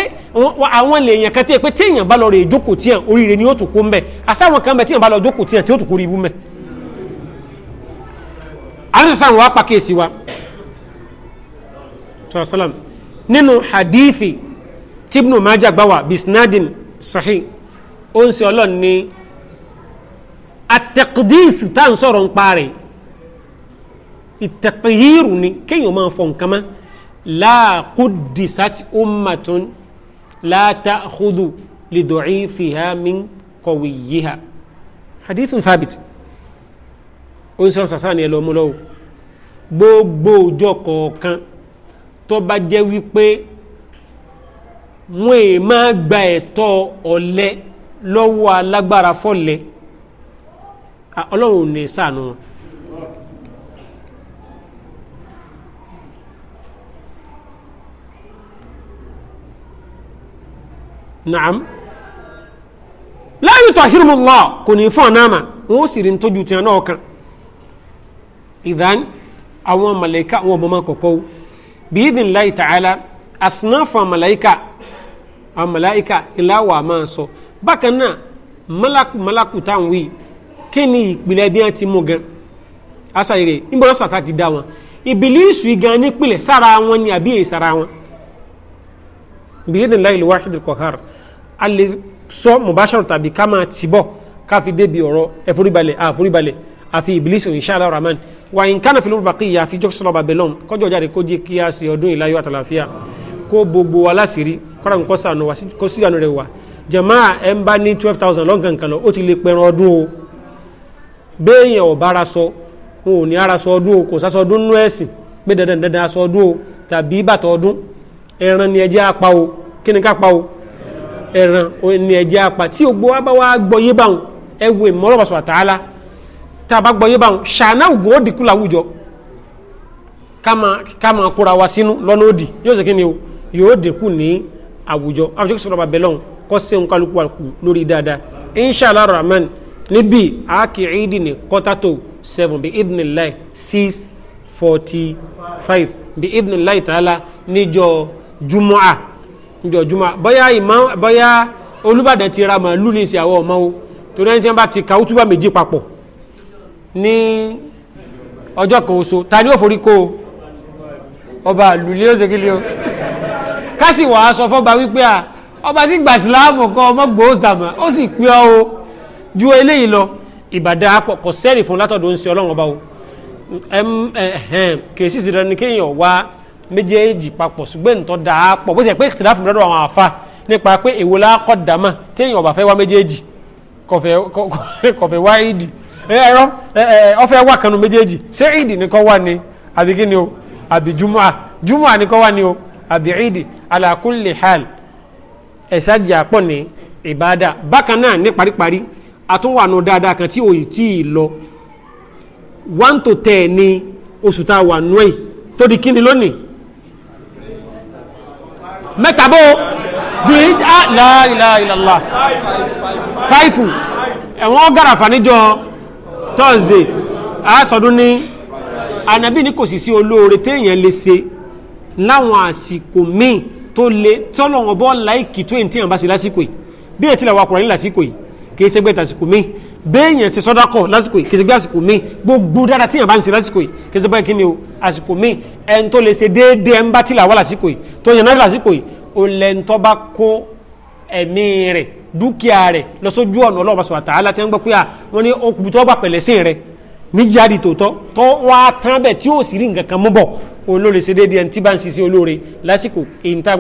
àwọn lèèyàn kan tí yẹ pé téèyàn bá lọ rè jókòó tiẹ̀ oríire ni ó tún kó mbẹ àṣà àwọn kan bẹ téèyàn bá lọ jókòó tiẹ̀ tí ó tún kó rí ibú mbẹ. àdìsá wọn apá kéèsì wa sọlọsọlọm nínú hadithi tibnu maja gbawa bisnadin sahi o ń ṣe ọlọ́run ní atẹ́kùdíìsì tá à ń sọ̀rọ̀ ń parí ìtẹ̀kìyìrù ni kéèyàn máa fọ nǹkan máa la quddisat ummatun la ta'khudhu lidha'ifiha min qawiyyiha hadithun thabit ó ń ni ẹ gbogbo ọjọ́ kọ̀ọ̀kan tó bá jẹ́ wípé wọn è máa gba ẹ̀tọ́ ọ̀lẹ lọ́wọ́ alágbára fọ́lẹ̀ ọlọ́run ò ní wọn na'am la yutahhiruhu Allah kuni fo nama won siri toju ti na okan idan awon malaika won bo ma koko bi idin la ta'ala asnafu malaika a malaika ila wa ma so bakan na malaku malaku tan wi kini ipile bi an ti gan asare nbo sa ta ti da won ibilisu igan ni pile sara won ni sara won bíyìnlá ìlú wáhídì kọ̀hár a lè sọ mubasharu tàbí ká máa tì bọ̀ ká fi débi ọ̀rọ̀ ẹ̀fúríbalẹ̀ àfúríbalẹ̀ àfi ìbílísì inshallah rahman wà ní kánà fìlú bàkì ìyá àfi jọ́sọ̀ lọ́ba bẹ̀lọ́m kọjọ́ jáde kó jẹ́ kí a ṣe ọdún ìláyọ̀ àtàlàfíà kó gbogbo wa láṣìírí kọ́ra ń kọ́ sànù wa kó sí àánú rẹ̀ wà jamaa ẹ̀ ń bá ní twelve thousand lọ́gàn kan lọ ó ti lè pẹran ọdún o béèyàn ò bára sọ wọn ò ní ara sọ ọdún o kò sásọ ọdún nú ẹ̀sìn pé dandan dandan aṣọ ọdún o tàbí bàtọ̀ ọdún ẹran ni ẹjẹ́ apá o kí ni ká pa o ẹran ni ẹjẹ́ apá tí o gbọ́ wa bá wa gbọ́ yé báwọn ẹ wo ìmọ̀ràn bàṣọ àtàlà tá a bá gbọ́ yé báwọn ṣàánà ògùn ó dínkù láwùjọ ká máa kóra wa sínú lọ́nà òdì yóò ṣe kí ni o yóò dínkù ní àwùjọ àwùjọ kí sọ̀rọ̀ bàbá bẹ́ẹ̀ kọ́ sẹ́hun kálukú wa kù lórí dáadáa inshallah rahman níbí àákì ìdí ní kọ́tà seven bí idnillahi six forty five bí idnillahi ta'ala níjọ́ jumu'a njọ jumu'a bóyá ìmọ̀ bóyá olùbàdàn ti ra màálù ní ìsìn àwọn ọmọ o torí ẹni tí wọn bá ti ka útúbà méjì papọ̀ ní ọjọ́ kan oṣù ta ni ó forí kó o ọba àlùlé ó segele o kásì wàá sọ fọba wípé a ọba sì gbà síláàmù kan ọmọ gbòó sàmà ó sì pé ọ o ju eléyìí lọ ìbàdàn apọ̀ kò sẹ́rì fún látọ̀dọ̀ ń ṣe ọlọ́run ọba o kèsì sì rẹ ni kéèyàn wá méjèèjì papọ̀ ṣùgbọ́n ní tó dáa pọ̀ bó ṣe pé ìtìláfù lọ́dọ̀ àwọn àfa nípa pé èwo la kọ́ dàmà téèyàn ọ̀bà fẹ́ wá méjèèjì kọ̀fẹ́ wá ìdì ẹ̀rọ ọ̀fẹ́ wá kanu méjèèjì ṣé ìdì ni kọ́ wá ni àbí kí ni o àbí jumu'a jumu'a ni kọ́ wá ni o àbí ìdì ala kulli hal ẹ̀sájì àpọ̀ ní ìbáadà bákan náà ní paríparí àtúnwànú dáadáa kan tí òyì tí ì lọ one to ten ní oṣù tá a wà nú ẹ̀ tó di kíni lónìí mẹ́ta bó dùhíjà la ilaha illallah fáìfù ẹ̀wọ̀n gàràfà níjọ thursday àásọdún ní ànábì ní kò sì sí olóore téèyàn lè ṣe láwọn àsìkò míì tó lè tọ́lọ̀wọ̀n bọ́ láìkì tó èyí tí yàn bá ṣe lásìkò yìí bí èyí tí làwọn akọ̀rọ̀ yìí lásìkò yìí kì í ṣe gbé tàsìkò míì béèyàn ṣe sọdọkọ lásìkò yìí kìsìgbé àsìkò míì gbogbo dára tíyàn bá ń ṣe lásìkò yìí kìsìgbé kí ni o àsìkò míì ẹn tó lè ṣe déédéé ẹn bá tìlà wà lásìkò yìí tó yàn náà lásìkò yìí ó lẹ́n tó bá kó ẹ̀mí rẹ̀ dúkìá rẹ̀ lọ́sọ́jú ọ̀nà ọlọ́ọ̀bá sọ̀rọ̀ tààlà tí wọ́n gbọ́ pé à wọ́n ní okùn tó bá pẹ̀lẹ́ sí rẹ̀ níjàdí tòótọ́ tó wá tán bẹ̀ tí ó sì rí nǹkan kan mú bọ̀ òun ló lè ṣe déédéé ẹn tí bá ń ṣiṣẹ́ olóore lásìkò ìyìntà